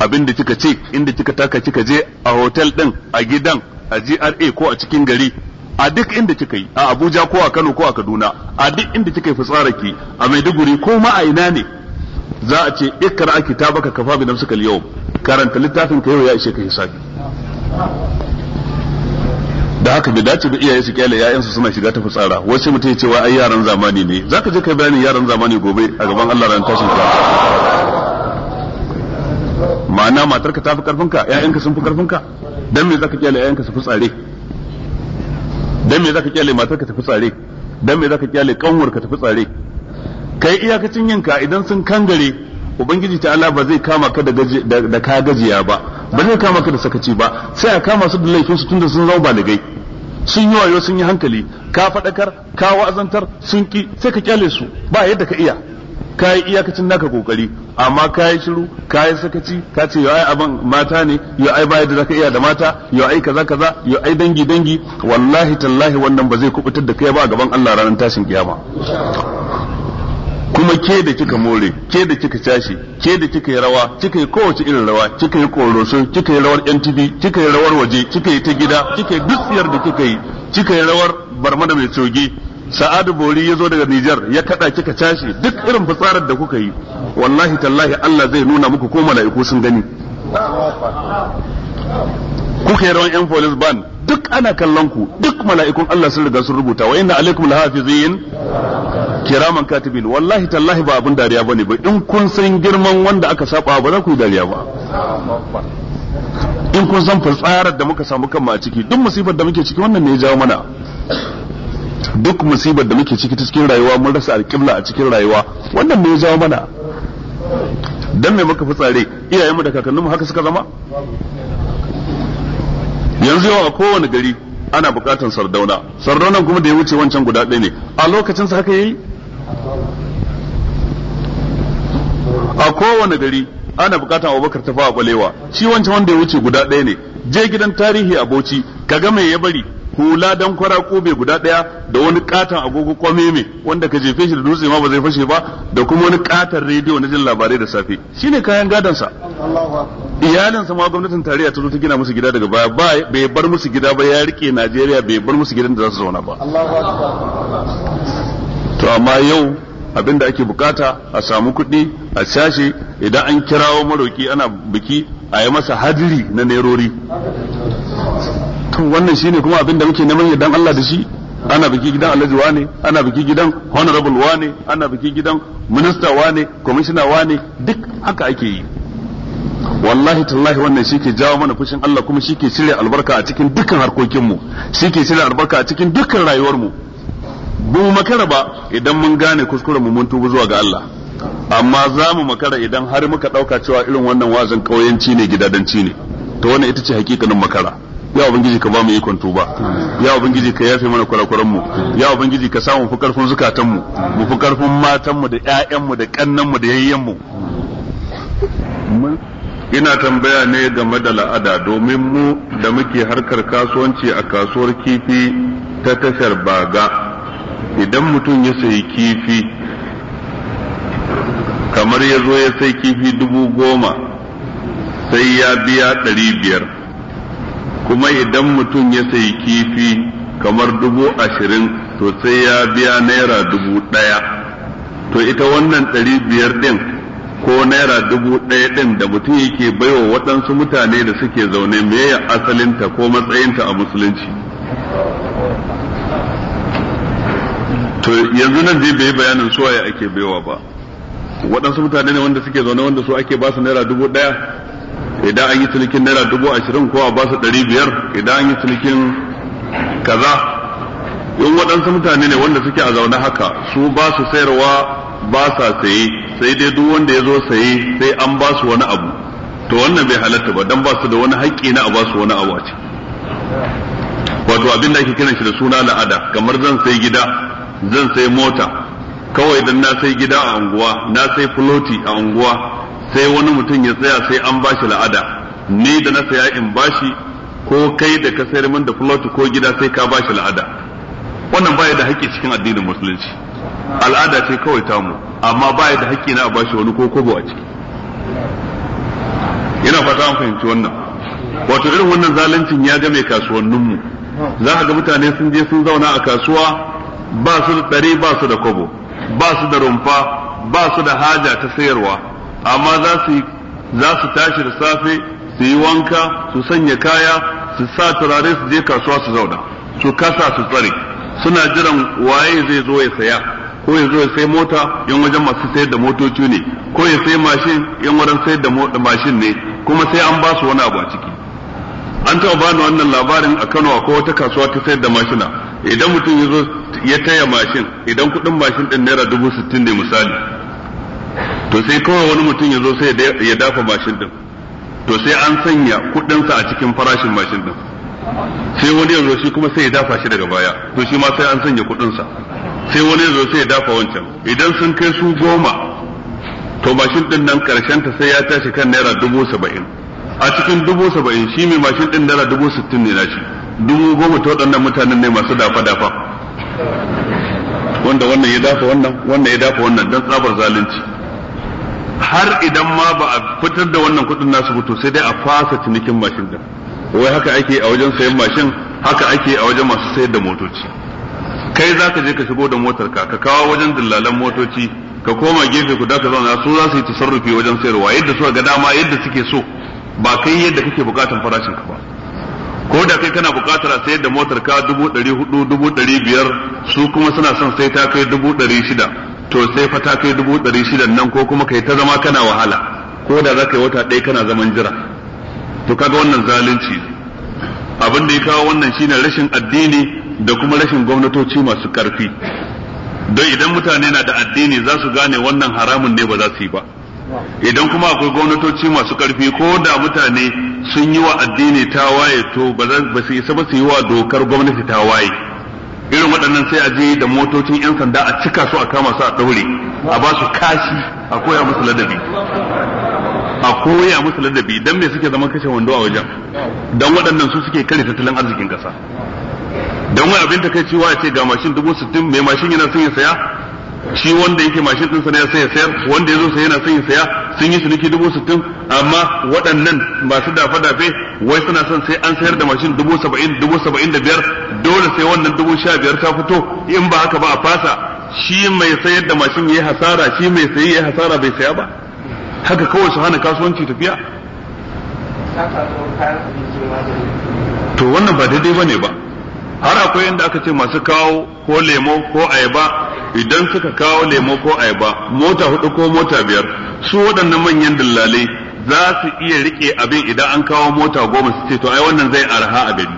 abinda kika ce inda kika taka kika je a hotel ɗin a gidan a GRA ko a cikin gari a duk inda kika yi a Abuja ko a Kano ko a Kaduna a duk inda kika yi fitsaraki a Maiduguri ko ma a ina ne za a ce ikra kitabaka kafa bi nafsika al-yawm karanta littafin ka yau ya ishe ka hisabi da haka bai dace ba iyaye su kyale su suna shiga ta fitsara wasu mutum ya ce wa ai yaran zamani ne zaka je kai bayanin yaran zamani gobe a gaban Allah ran tashin kiyama ma'ana matarka ta fi karfinka 'ya'yanka sun fi karfinka dan me zaka kyale 'ya'yanka su fitsare dan me zaka kyale matar ka tafi tsare dan me zaka kyale kanwar ka tafi tsare kai iyakacin yinka idan sun kangare ubangiji ta Allah ba zai kama ka da da ka gajiya ba ba zai kama ka da sakaci ba sai a kama su da laifin su tunda sun zama gai sun yi wayo sun yi hankali ka faɗakar ka wa'azantar sun ki sai ka kyale su ba yadda ka iya ka yi iyakacin naka kokari amma ka yi shiru ka yi sakaci ka ce ai abin mata ne yo ai baya da zaka iya da mata ya ai kaza kaza yo ai dangi dangi wallahi tallahi wannan ba zai kubutar da kai ba a gaban Allah ranar tashin kiyama kuma ke da kika more ke da kika tashi ke da kika yi rawa kika yi kowace irin rawa kika yi koroso kika yi rawar NTV kika yi rawar waje kika yi ta gida kika yi duk da kika yi kika yi rawar barmada mai coge sa'adu bori ya zo daga Nijar ya kada kika cashe duk irin fitsarar da kuka yi wallahi tallahi Allah zai nuna muku ko mala'iku sun gani kuka yi rawan yan police ban duk ana kallon ku duk mala'ikun Allah sun riga sun rubuta wa inna alaikum lahafizin kiraman katibin wallahi tallahi ba abin dariya bane ba in kun san girman wanda aka saba ba za ku dariya ba in kun san fitsarar da muka samu kanmu a ciki duk musibar da muke ciki wannan ne ya jawo mana duk musibar da muke ciki cikin rayuwa mun rasa alƙibla a cikin rayuwa wannan ne ya zama mana dan me muka fitsare iyayenmu da kakanninmu haka suka zama yanzu yau a kowane gari ana buƙatar sardauna sardaunan kuma da ya wuce wancan guda ɗaya ne a lokacin sa haka yayi a kowane gari ana buƙatar abubakar tafawa balewa shi wancan wanda ya wuce guda ɗaya ne je gidan tarihi a bauchi kaga me ya bari hula dan kwara kube guda daya da wani katon agogo kwame me wanda ka jefe shi da dutse ma ba zai fashe ba da kuma wani katon rediyo na jin labarai da safe Shi ne kayan gadon sa iyalin sa ma gwamnatin tarayya ta zo ta gina musu gida daga baya ba bai bar musu gida ba ya rike Najeriya bai bar musu gidan da za su zauna ba to amma yau abin da ake bukata a samu kuɗi a shashi idan an kirawo maroki ana biki a yi masa hadiri na nerori to wannan shine kuma abin da muke neman yardan Allah da shi ana biki gidan alhaji wane ana biki gidan honorable wane ana biki gidan minista wane commissioner wane duk haka ake yi wallahi tallahi wannan shi ke jawo mana fushin Allah kuma shi ke cire albarka a cikin dukkan harkokinmu shi ke cire albarka a cikin dukkan rayuwarmu mu makara ba idan mun gane mu mun tubu zuwa ga Allah amma za mu makara idan har muka ɗauka cewa irin wannan wazin ƙauyenci ne gidadanci ne to wannan ita ce hakikanin makara ya ubangiji ka ba mu ikon tuba ya ubangiji ka yafe mana kurakuran mu ya ubangiji ka samu fi karfin zukatan mu mu fi karfin matan mu da ƴaƴan mu da kannan mu da yayyen mu ina tambaya ne game da la'ada domin mu da muke harkar kasuwanci a kasuwar kifi ta tashar baga idan mutum ya sayi kifi kamar ya zo ya sai kifi dubu goma sai ya biya ɗari biyar kuma idan mutum ya sayi kifi kamar dubu ashirin to sai ya biya naira dubu ɗaya to ita wannan ɗari biyar ɗin ko naira dubu ɗaya ɗin da mutum yake baiwa waɗansu mutane da suke zaune meye asalinta ko matsayinta a musulunci to yanzu nan zai bai bayanin suwaye ake baiwa ba waɗansu mutane ne wanda suke zaune wanda su ake basu naira dubu ɗaya idan an yi cinikin naira dubu ashirin ko a basu ɗari biyar idan an yi cinikin kaza in waɗansu mutane ne wanda suke a zaune haka su ba su sayarwa ba sa saye sai dai duk wanda ya zo saye sai an ba su wani abu to wannan bai halatta ba don ba su da wani haƙƙi na a ba su wani abu a ce wato abin da ake kiran shi da suna la'ada kamar zan sai gida zan sai mota kawai idan na sai gida a unguwa na sai floti a unguwa sai wani mutum ya tsaya sai an bashi la'ada ni da na saya in bashi ko kai da ka sayar min da floti ko gida sai ka bashi la'ada wannan baya da haƙƙi cikin addinin musulunci al'ada ce kawai tamu amma baya da haƙƙi na bashi wani ko kobo a ciki yana fata an fahimci wannan wato irin wannan zaluncin ya ga mai kasuwannin mu za ka ga mutane sun je sun zauna a kasuwa ba su da ɗari ba su da kobo ba su da rumfa ba su da haja ta sayarwa amma za su tashi da safe su yi wanka su sanya kaya su sa turare su je kasuwa su zauna su kasa su tsare suna jiran waye zai zo ya saya ko ya zo ya sai mota yan wajen masu sayar da motoci ne ko ya sai mashin yan wajen sayar da mashin ne kuma sai an ba su wani abu a ciki an taɓa bani wannan labarin a Kano akwai wata kasuwa ta sayar da mashina idan mutum ya zo ya taya mashin idan kuɗin mashin ɗin naira dubu sittin ne misali to sai kawai wani mutum ya zo sai ya dafa mashin ɗin to sai an sanya kuɗinsa a cikin farashin mashin ɗin sai wani ya zo shi kuma sai ya dafa shi daga baya to shi ma sai an sanya kuɗinsa sai wani ya zo sai ya dafa wancan idan sun kai su goma to mashin ɗin nan ƙarshen ta sai ya tashi kan naira dubu saba'in a cikin dubu saba'in shi mai mashin ɗin dala dubu sittin ne na shi dubu goma ta waɗannan mutanen ne masu dafa-dafa wanda wannan ya dafa wannan wannan ya dafa wannan don tsabar zalunci har idan ma ba a fitar da wannan kuɗin nasu fito sai dai a fasa cinikin mashin ɗin wai haka ake a wajen sayan mashin haka ake a wajen masu sayar da motoci kai za ka je ka shigo da motar ka ka kawo wajen dillalan motoci ka koma gefe ku da ka zauna su za su yi tasarrufi wajen sayarwa yadda suka ga dama yadda suke so ba kai yadda kake bukatan farashin ka ba ko da kai kana bukatar a sayar da motar ka dubu ɗari hudu dubu ɗari biyar su kuma suna son sai ta kai dubu ɗari shida to sai fa ta kai dubu ɗari shida nan ko kuma kai ta zama kana wahala ko da za ka yi wata ɗaya kana zaman jira to kaga wannan zalunci abin da ya kawo wannan shine rashin addini da kuma rashin gwamnatoci masu karfi don idan mutane na da addini za su gane wannan haramun ne ba za su yi ba idan kuma akwai gwamnatoci masu karfi ko da mutane sun yi wa addini tawaye to ba su isa ba su yi wa dokar gwamnati ta waye. irin waɗannan sai a je da motocin 'yan sanda a cika su a kama su a ɗaure a ba su kashi a koya musu ladabi a koya musu ladabi dan me suke zaman kashe wando a wajen dan waɗannan su suke kare tattalin arzikin ƙasa dan wai abin ta kai cewa ya ce ga mashin dubu sittin mai mashin yana son ya saya shi wanda yake mashin ɗinsa ne sai ya sayar wanda ya zo sai yana son ya saya sun yi ciniki dubu sittin amma waɗannan masu dafa dafe wai suna son sai an sayar da mashin dubu saba'in dubu saba'in da biyar dole sai wannan dubu sha biyar ta fito in ba haka ba a fasa shi mai sayar da mashin ya yi hasara shi mai sayi ya yi hasara bai saya ba haka kawai su hana kasuwanci tafiya to wannan ba daidai ba ne ba har akwai inda aka ce masu kawo ko lemo ko ayaba idan suka kawo lemo ko ayaba mota hudu ko mota biyar su waɗannan manyan dillalai za su iya rike abin idan an kawo mota goma su ce to ai wannan zai arha a gari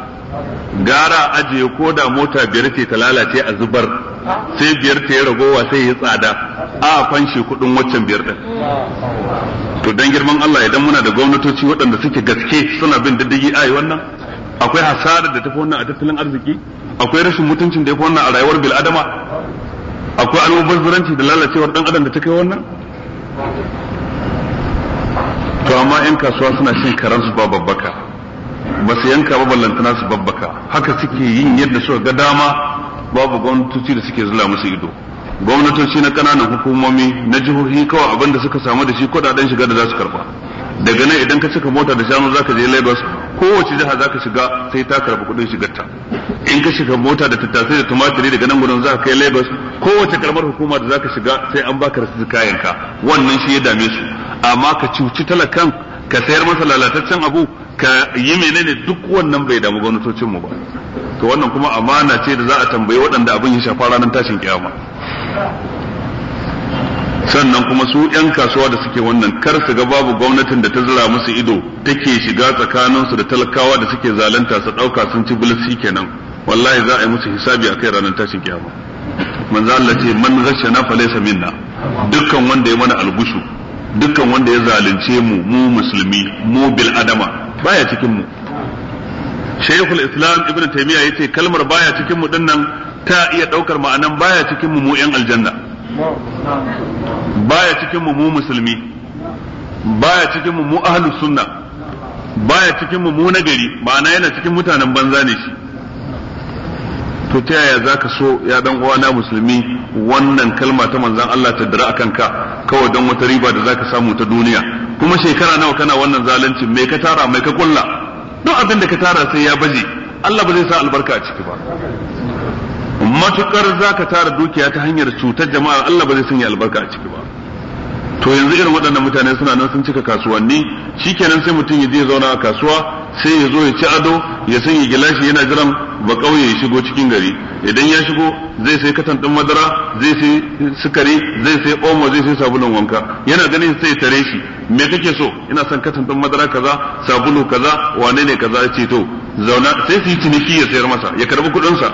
gara ajiye ko da mota biyar ce ta lalace a zubar sai biyar ta yi ragowa sai ya tsada a fanshi kudin waccan biyar din to dan girman Allah idan muna da gwamnatoci waɗanda suke gaske suna bin diddigi ai wannan akwai hasarar da fi wannan a tattalin arziki akwai rashin mutuncin da ya fi wannan a rayuwar bil'adama akwai almubazzaranci da lalacewar dan adam da ta kai wannan to amma yan kasuwa suna cin karansu ba babbaka ba su yanka ba ballantana su babbaka haka suke yin yadda suka ga dama babu gwamnatoci da suke zula musu ido gwamnatoci na kananan hukumomi na jihohi kawai abinda suka samu da shi kudaden shiga da za su karba daga nan idan ka cika mota da shanu zaka je Lagos kowace jiha zaka shiga sai ta karbi kudin shigarta in ka shiga mota da tattasai da tumatiri daga nan gudun zaka kai Lagos kowace karamar hukuma da zaka shiga sai an baka rasu ka wannan shi ya dame su amma ka cuci talakan ka sayar masa lalataccen abu ka yi menene duk wannan bai damu gwamnatocin mu ba to wannan kuma amana ce da za a tambayi waɗanda abin ya shafa ranar tashin kiyama sannan kuma su 'yan kasuwa da suke wannan kar su ga babu gwamnatin da ta zira musu ido take shiga tsakaninsu da talakawa da suke zalunta su ɗauka sun ci bulsi kenan wallahi za a yi musu hisabi a kai ranar tashin kiyama manzo Allah ce man na fa laysa minna dukkan wanda ya mana algushu dukkan wanda ya zalunce mu mu musulmi mu bil adama baya cikin mu Shaykhul Islam Ibn Taymiyyah yace kalmar baya cikin mu dinnan ta iya daukar ma'anan baya cikin mu mu 'yan aljanna baya cikin mu mu musulmi baya cikin mu mu ahlus sunna baya cikin mu mu nagari ma'ana yana cikin mutanen banza ne shi to ta yaya zaka so ya dan uwana musulmi wannan kalma ta manzon Allah ta dira akan ka kawai don wata riba da zaka samu ta duniya kuma shekara nawa kana wannan zalunci mai ka tara mai ka kulla duk abin da ka tara sai ya baje Allah ba zai sa albarka a ciki ba matukar ka tara dukiya ta hanyar cutar jama'a Allah ba zai sanya albarka a ciki ba to yanzu irin waɗannan mutane suna nan sun cika kasuwanni shikenan sai mutum ya je zauna a kasuwa sai ya zo ya ci ado ya sanya gilashi yana jiran ba kauye ya shigo cikin gari idan ya shigo zai sai katan din madara zai sai sukari zai sai omo zai sai sabulun wanka yana ganin sai ya tare shi me kake so ina son katan din madara kaza sabulu kaza wane ne kaza ce to zauna sai su yi ciniki ya sayar masa ya karbi kuɗin sa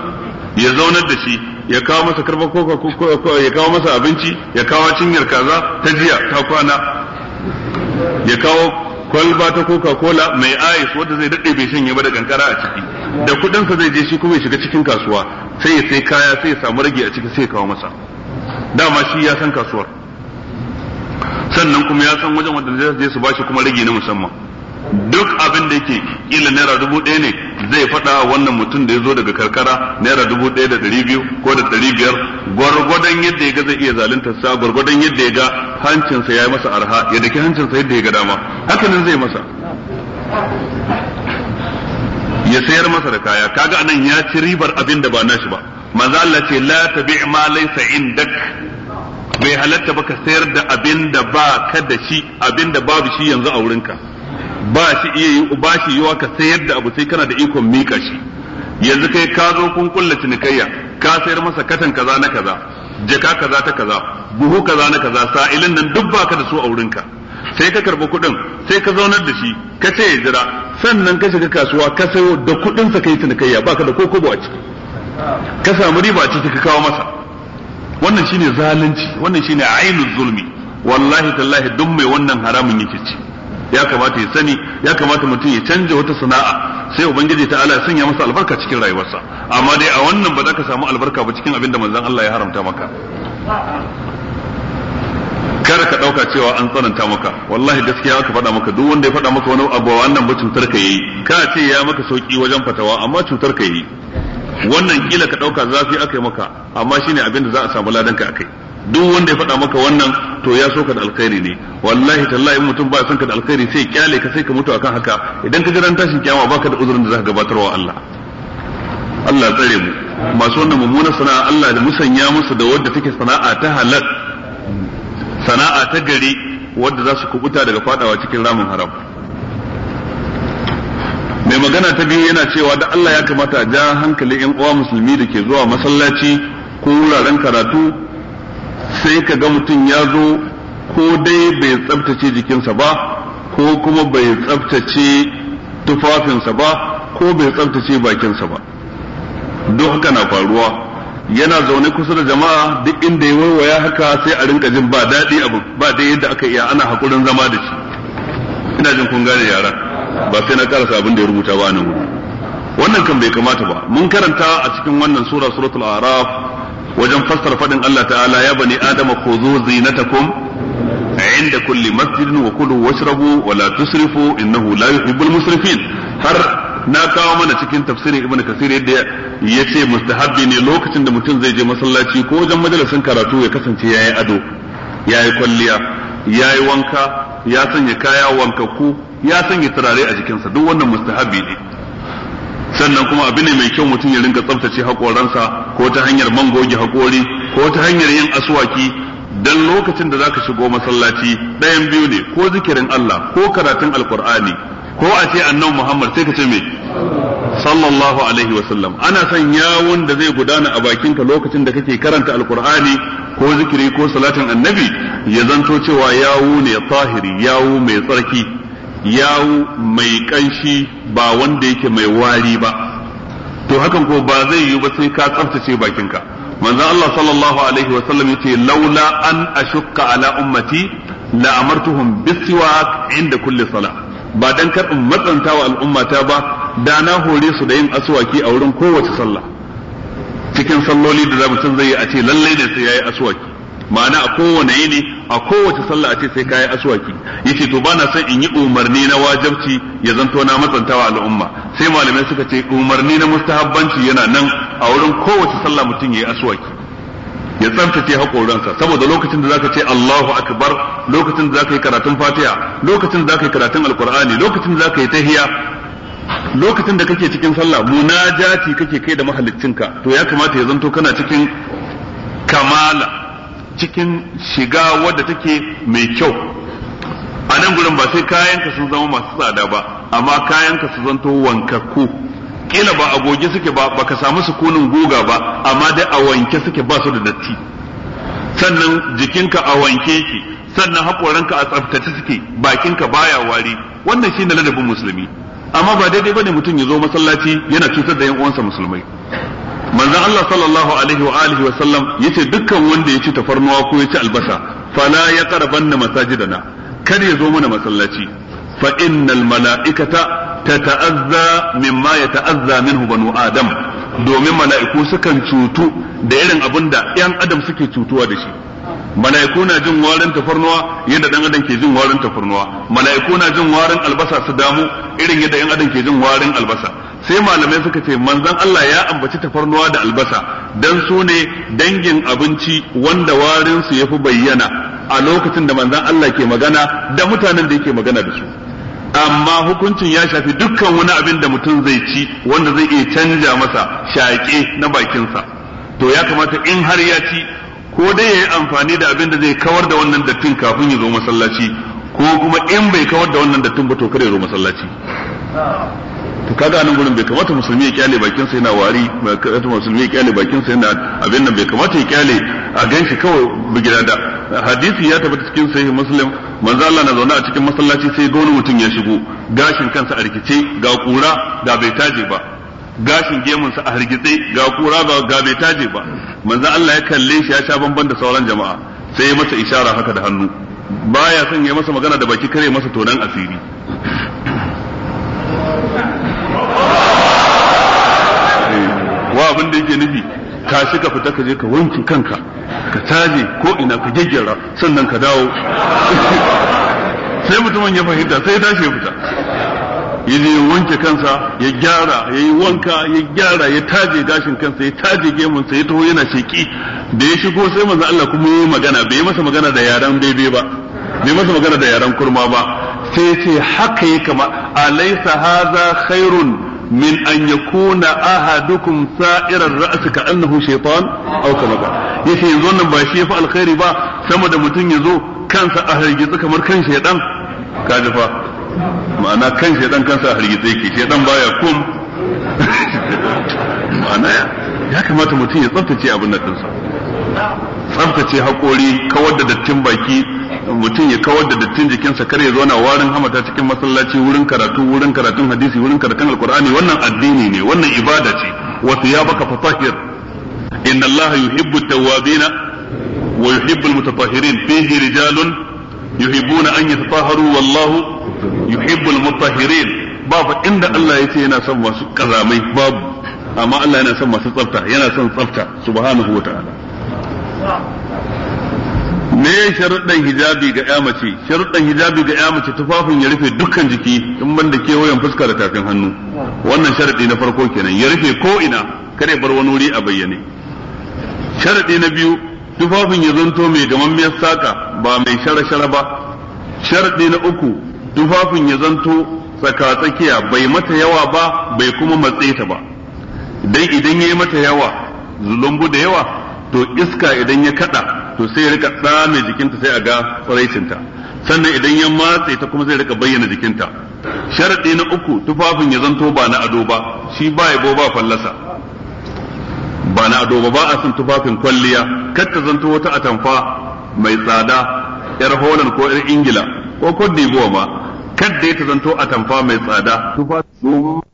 ya zaunar da shi ya kawo masa karfa ko ya kawo masa abinci ya kawo cinyar kaza ta jiya ta kwana ya kawo kwalba ta coca cola mai ice wanda zai dade bai shanye ba da kankara a ciki da kudin sa zai je shi kuma ya shiga cikin kasuwa sai ya sai kaya sai ya samu rage a ciki sai ya kawo masa dama shi ya san kasuwar sannan kuma ya san wajen wanda zai su bashi kuma rage na musamman duk abin da yake kila naira dubu ɗaya ne zai faɗa wannan mutum da ya zo daga karkara naira dubu ɗaya da ɗari biyu ko da ɗari biyar gwargwadon yadda ya ga zai iya zalunta sa gwargwadon yadda ya ga hancinsa ya yi masa arha ya daki hancinsa yadda ya ga dama nan zai masa ya sayar masa da kaya kaga anan ya ci ribar abin da ba nashi ba manzo Allah ce la tabi ma laysa indak bai halatta ba ka sayar da abin da ba ka da shi abin da babu shi yanzu a wurinka ba shi iya yi ba shi yiwa ka sayar da abu sai kana da ikon mika shi yanzu kai ka zo kun kulla cinikayya ka sayar masa katan kaza na kaza jaka kaza ta kaza buhu kaza na kaza sa'ilin nan duk baka da su a wurin ka. sai ka karbi kuɗin sai ka zaunar da shi ka ce ya jira sannan ka shiga kasuwa ka sayo da kuɗin sa kai cinikayya baka da kokobo a ciki ka samu riba ce ka kawo masa wannan shine zalunci wannan shine ainul zulmi wallahi tallahi duk mai wannan haramun yake ci ya kamata ya sani ya kamata mutum ya canja wata sana'a sai ubangiji ta ala sanya masa albarka cikin rayuwarsa amma dai a wannan ba za ka samu albarka ba cikin abin da manzon Allah ya haramta maka kada ka dauka cewa an tsananta maka wallahi gaskiya aka faɗa maka duk wanda ya faɗa maka wani abu wannan ba cutar ka yi ka ce ya maka sauki wajen fatawa amma cutar ka yi wannan kila ka dauka zafi aka yi maka amma shine abin da za a samu ladan ka akai duk wanda ya faɗa maka wannan to ya so ka da alkhairi ne wallahi tallahi in mutum ba son ka da alkhairi sai kyale ka sai ka mutu akan haka idan ka jiran tashin kiyama baka da uzurin da zaka gabatarwa Allah Allah tsare mu masu wannan mummunan sana'a Allah da musanya musu da wadda take sana'a ta halal sana'a ta gari wadda za su kubuta daga fadawa cikin ramin haram mai magana ta biyu yana cewa da Allah ya kamata a ja hankali yan uwa musulmi da ke zuwa masallaci ko wuraren karatu sai ka ga mutum ya zo ko dai bai tsabtace jikinsa ba ko kuma bai tsabtace tufafinsa ba ko bai tsabtace bakinsa ba duk haka na faruwa yana zaune kusa da jama'a duk inda ya waya haka sai a rinka jin ba daɗi abu ba dai yadda aka iya ana hakurin zama da shi ina jin kun gane yara ba sai na karasa abin da ya rubuta ba nan wannan kan bai kamata ba mun karanta a cikin wannan sura suratul araf wajen fassara faɗin Allah ta'ala ya bani adama ko zo zinatakum inda kulli masjidin wa kulu washrabu wa la tusrifu innahu la yuhibbul musrifin har na kawo mana cikin tafsirin ibnu kasir yadda ya ce mustahabbi ne lokacin da mutum zai je masallaci ko wajen majalisin karatu ya kasance yayi ado yayi kwalliya yayi wanka ya sanya kaya wankaku ya sanya turare a jikinsa duk wannan mustahabbi ne sannan kuma abu ne mai kyau mutum ya rinka tsaftace haƙoransa ko ta hanyar man goge haƙori ko ta hanyar yin aswaki dan lokacin da zaka shigo masallaci ɗayan biyu ne ko zikirin Allah ko karatun alkur'ani ko a ce annabi Muhammad sai ka ce me sallallahu alaihi wa sallam ana son yawon da zai gudana a bakinka lokacin da kake karanta alkur'ani ko zikiri ko salatin annabi ya zanto cewa yawo ne tahiri yawo mai tsarki yawo mai kanshi ba wanda yake mai wari ba to hakan ko ba zai yi ba sai ka tsaftace bakinka manzon Allah sallallahu alaihi wa sallam yace laula an ashqa ala ummati la amartuhum bisiwak inda kulli salah ba dan kar in matsanta wa al'ummata ba da na hore su da yin aswaki a wurin kowace sallah cikin salloli da zamu zai yi a ce lallai ne sai yayi aswaki ma'ana a kowane yini a kowace sallah a ce sai kayi aswaki yace to bana son in yi umarni na wajibci ya zanto na matsantawa al'umma sai malamai suka ce umarni na mustahabbanci yana nan a wurin kowace sallah mutum yayi aswaki ya tsaftace hakoransa saboda lokacin da zaka ce Allahu akbar lokacin da zaka yi karatun Fatiha lokacin da zaka yi karatun Alqur'ani lokacin da zaka yi tahiyya lokacin da kake cikin sallah munajati kake kai da mahaliccinka to ya kamata ya zanto kana cikin kamala cikin shiga wadda take mai kyau a nan gurin ba sai kayanka sun zama masu tsada ba amma kayanka su zanto wankakku kila ba a goge suke ba baka samu sukunin goga ba amma dai a wanke suke ba su da datti sannan jikinka a wanke yake sannan haƙoranka a tsaftace suke bakinka baya wari wannan shine ladabin musulmi amma ba daidai bane mutum ya zo masallaci yana cutar da yan uwansa musulmai manzo Allah sallallahu alaihi wa alihi wa sallam yace dukkan wanda ya ci tafarnuwa ko ya ci albasa fala ya qarabanna masajidana kada ya zo mana masallaci fa innal mala'ikata tata'azza mimma yata'azza minhu banu adam domin mala'iku sukan cutu da irin abin da yan adam suke cutuwa da shi mala'iku na jin warin tafarnuwa yadda dan adam ke jin warin tafarnuwa mala'iku na jin warin albasa su damu irin yadda yan adam ke jin warin albasa sai malamai suka ce manzon Allah ya ambaci tafarnuwa da albasa dan su ne dangin abinci wanda warin su yafi bayyana a lokacin da manzon Allah ke magana da mutanen da yake magana da su amma hukuncin ya shafi dukkan wani abin da mutum zai ci wanda zai iya canja masa shaƙe na bakinsa to ya kamata in har ya ci ko dai ya yi amfani da abin da zai kawar da wannan dattin kafin ya zo masallaci ko kuma in bai kawar da wannan dattin ba to kare ya zo masallaci to kaga nan gurin bai kamata musulmi ya kyale bakin sa yana wari bai kamata musulmi ya kyale bakin sa yana abin nan bai kamata ya kyale a ganshi kawai bigida da hadisi ya tabbata cikin sahih muslim manzo Allah na zaune a cikin masallaci sai ga wani mutum ya shigo gashin kansa a rikice ga kura da bai taje ba gashin gemun sa a hargitse ga kura ba ga bai taje ba manzo Allah ya kalle shi ya sha bamban da sauran jama'a sai ya masa ishara haka da hannu baya son ya masa magana da baki kare masa tonan asiri Eh, wa abin da yake nufi shi ka fita ka je ka wanke kanka ka taje ko ina ka gyaggyara sannan ka dawo sai mutumin ya fahimta sai ya tashi ya fita ya je ya wanke kansa ya gyara ya yi wanka ya gyara ya taje gashin kansa ya taje gemunsa ya taho yana sheki da ya shigo sai manzo Allah kuma ya magana bai masa magana da yaran bebe ba bai masa magana da yaran kurma ba sai ce haka yi kama alaysa haza khairun min an yakuna ahadukum sa'iran ra'si ka annahu shaytan aw kama ba yace yanzu wannan ba shi yafi alkhairi ba sama da mutum yazo kansa a hargitsi kamar kan shaydan kaji fa ma'ana kan shaydan kansa a hargitsi yake shaydan baya kum ma'ana ya kamata mutum ya tsaftace abin nan dinsa tsaftace haƙori kawar da dattin baki mutum ya kawar da dattin jikinsa kar ya zauna warin hamata cikin masallaci wurin karatu wurin karatun hadisi wurin karatun alqur'ani wannan addini ne wannan ibada ce ya baka fatahhir inna allaha yuhibbu at wa yuhibbu al-mutatahhirin fihi rijalun yuhibbuna an yatatahharu wallahu yuhibbu al-mutahhirin ba inda Allah yace yana son masu kazamai babu amma Allah yana son masu tsafta yana son tsafta subhanahu wa ta'ala me sharuɗan hijabi ga ya mace sharuɗan hijabi ga ya mace tufafin ya rufe dukkan jiki in banda kewayen fuska da tafin hannu wannan sharaɗi na farko kenan ya rufe ko ina kare bar wani wuri a bayyane sharaɗi na biyu tufafin ya zanto mai gamammiyar saka ba mai shara-shara ba sharaɗi na uku tufafin ya zanto tsaka-tsakiya bai mata yawa ba bai kuma matse ta ba dan idan ya yi mata yawa zulumbu da yawa to iska idan ya kada to sai ya rika tsame jikinta sai a ga tsaraicinta sannan idan ya matse ta kuma zai rika bayyana jikinta sharaɗi na uku tufafin ya zanto ba na ado ba shi ba ya ba fallasa ba na ado ba ba a son tufafin kwalliya kar zanto wata atamfa mai tsada yar holan ko yar ingila ko kodibuwa ma kar dai ta zanto atamfa mai tsada tufafin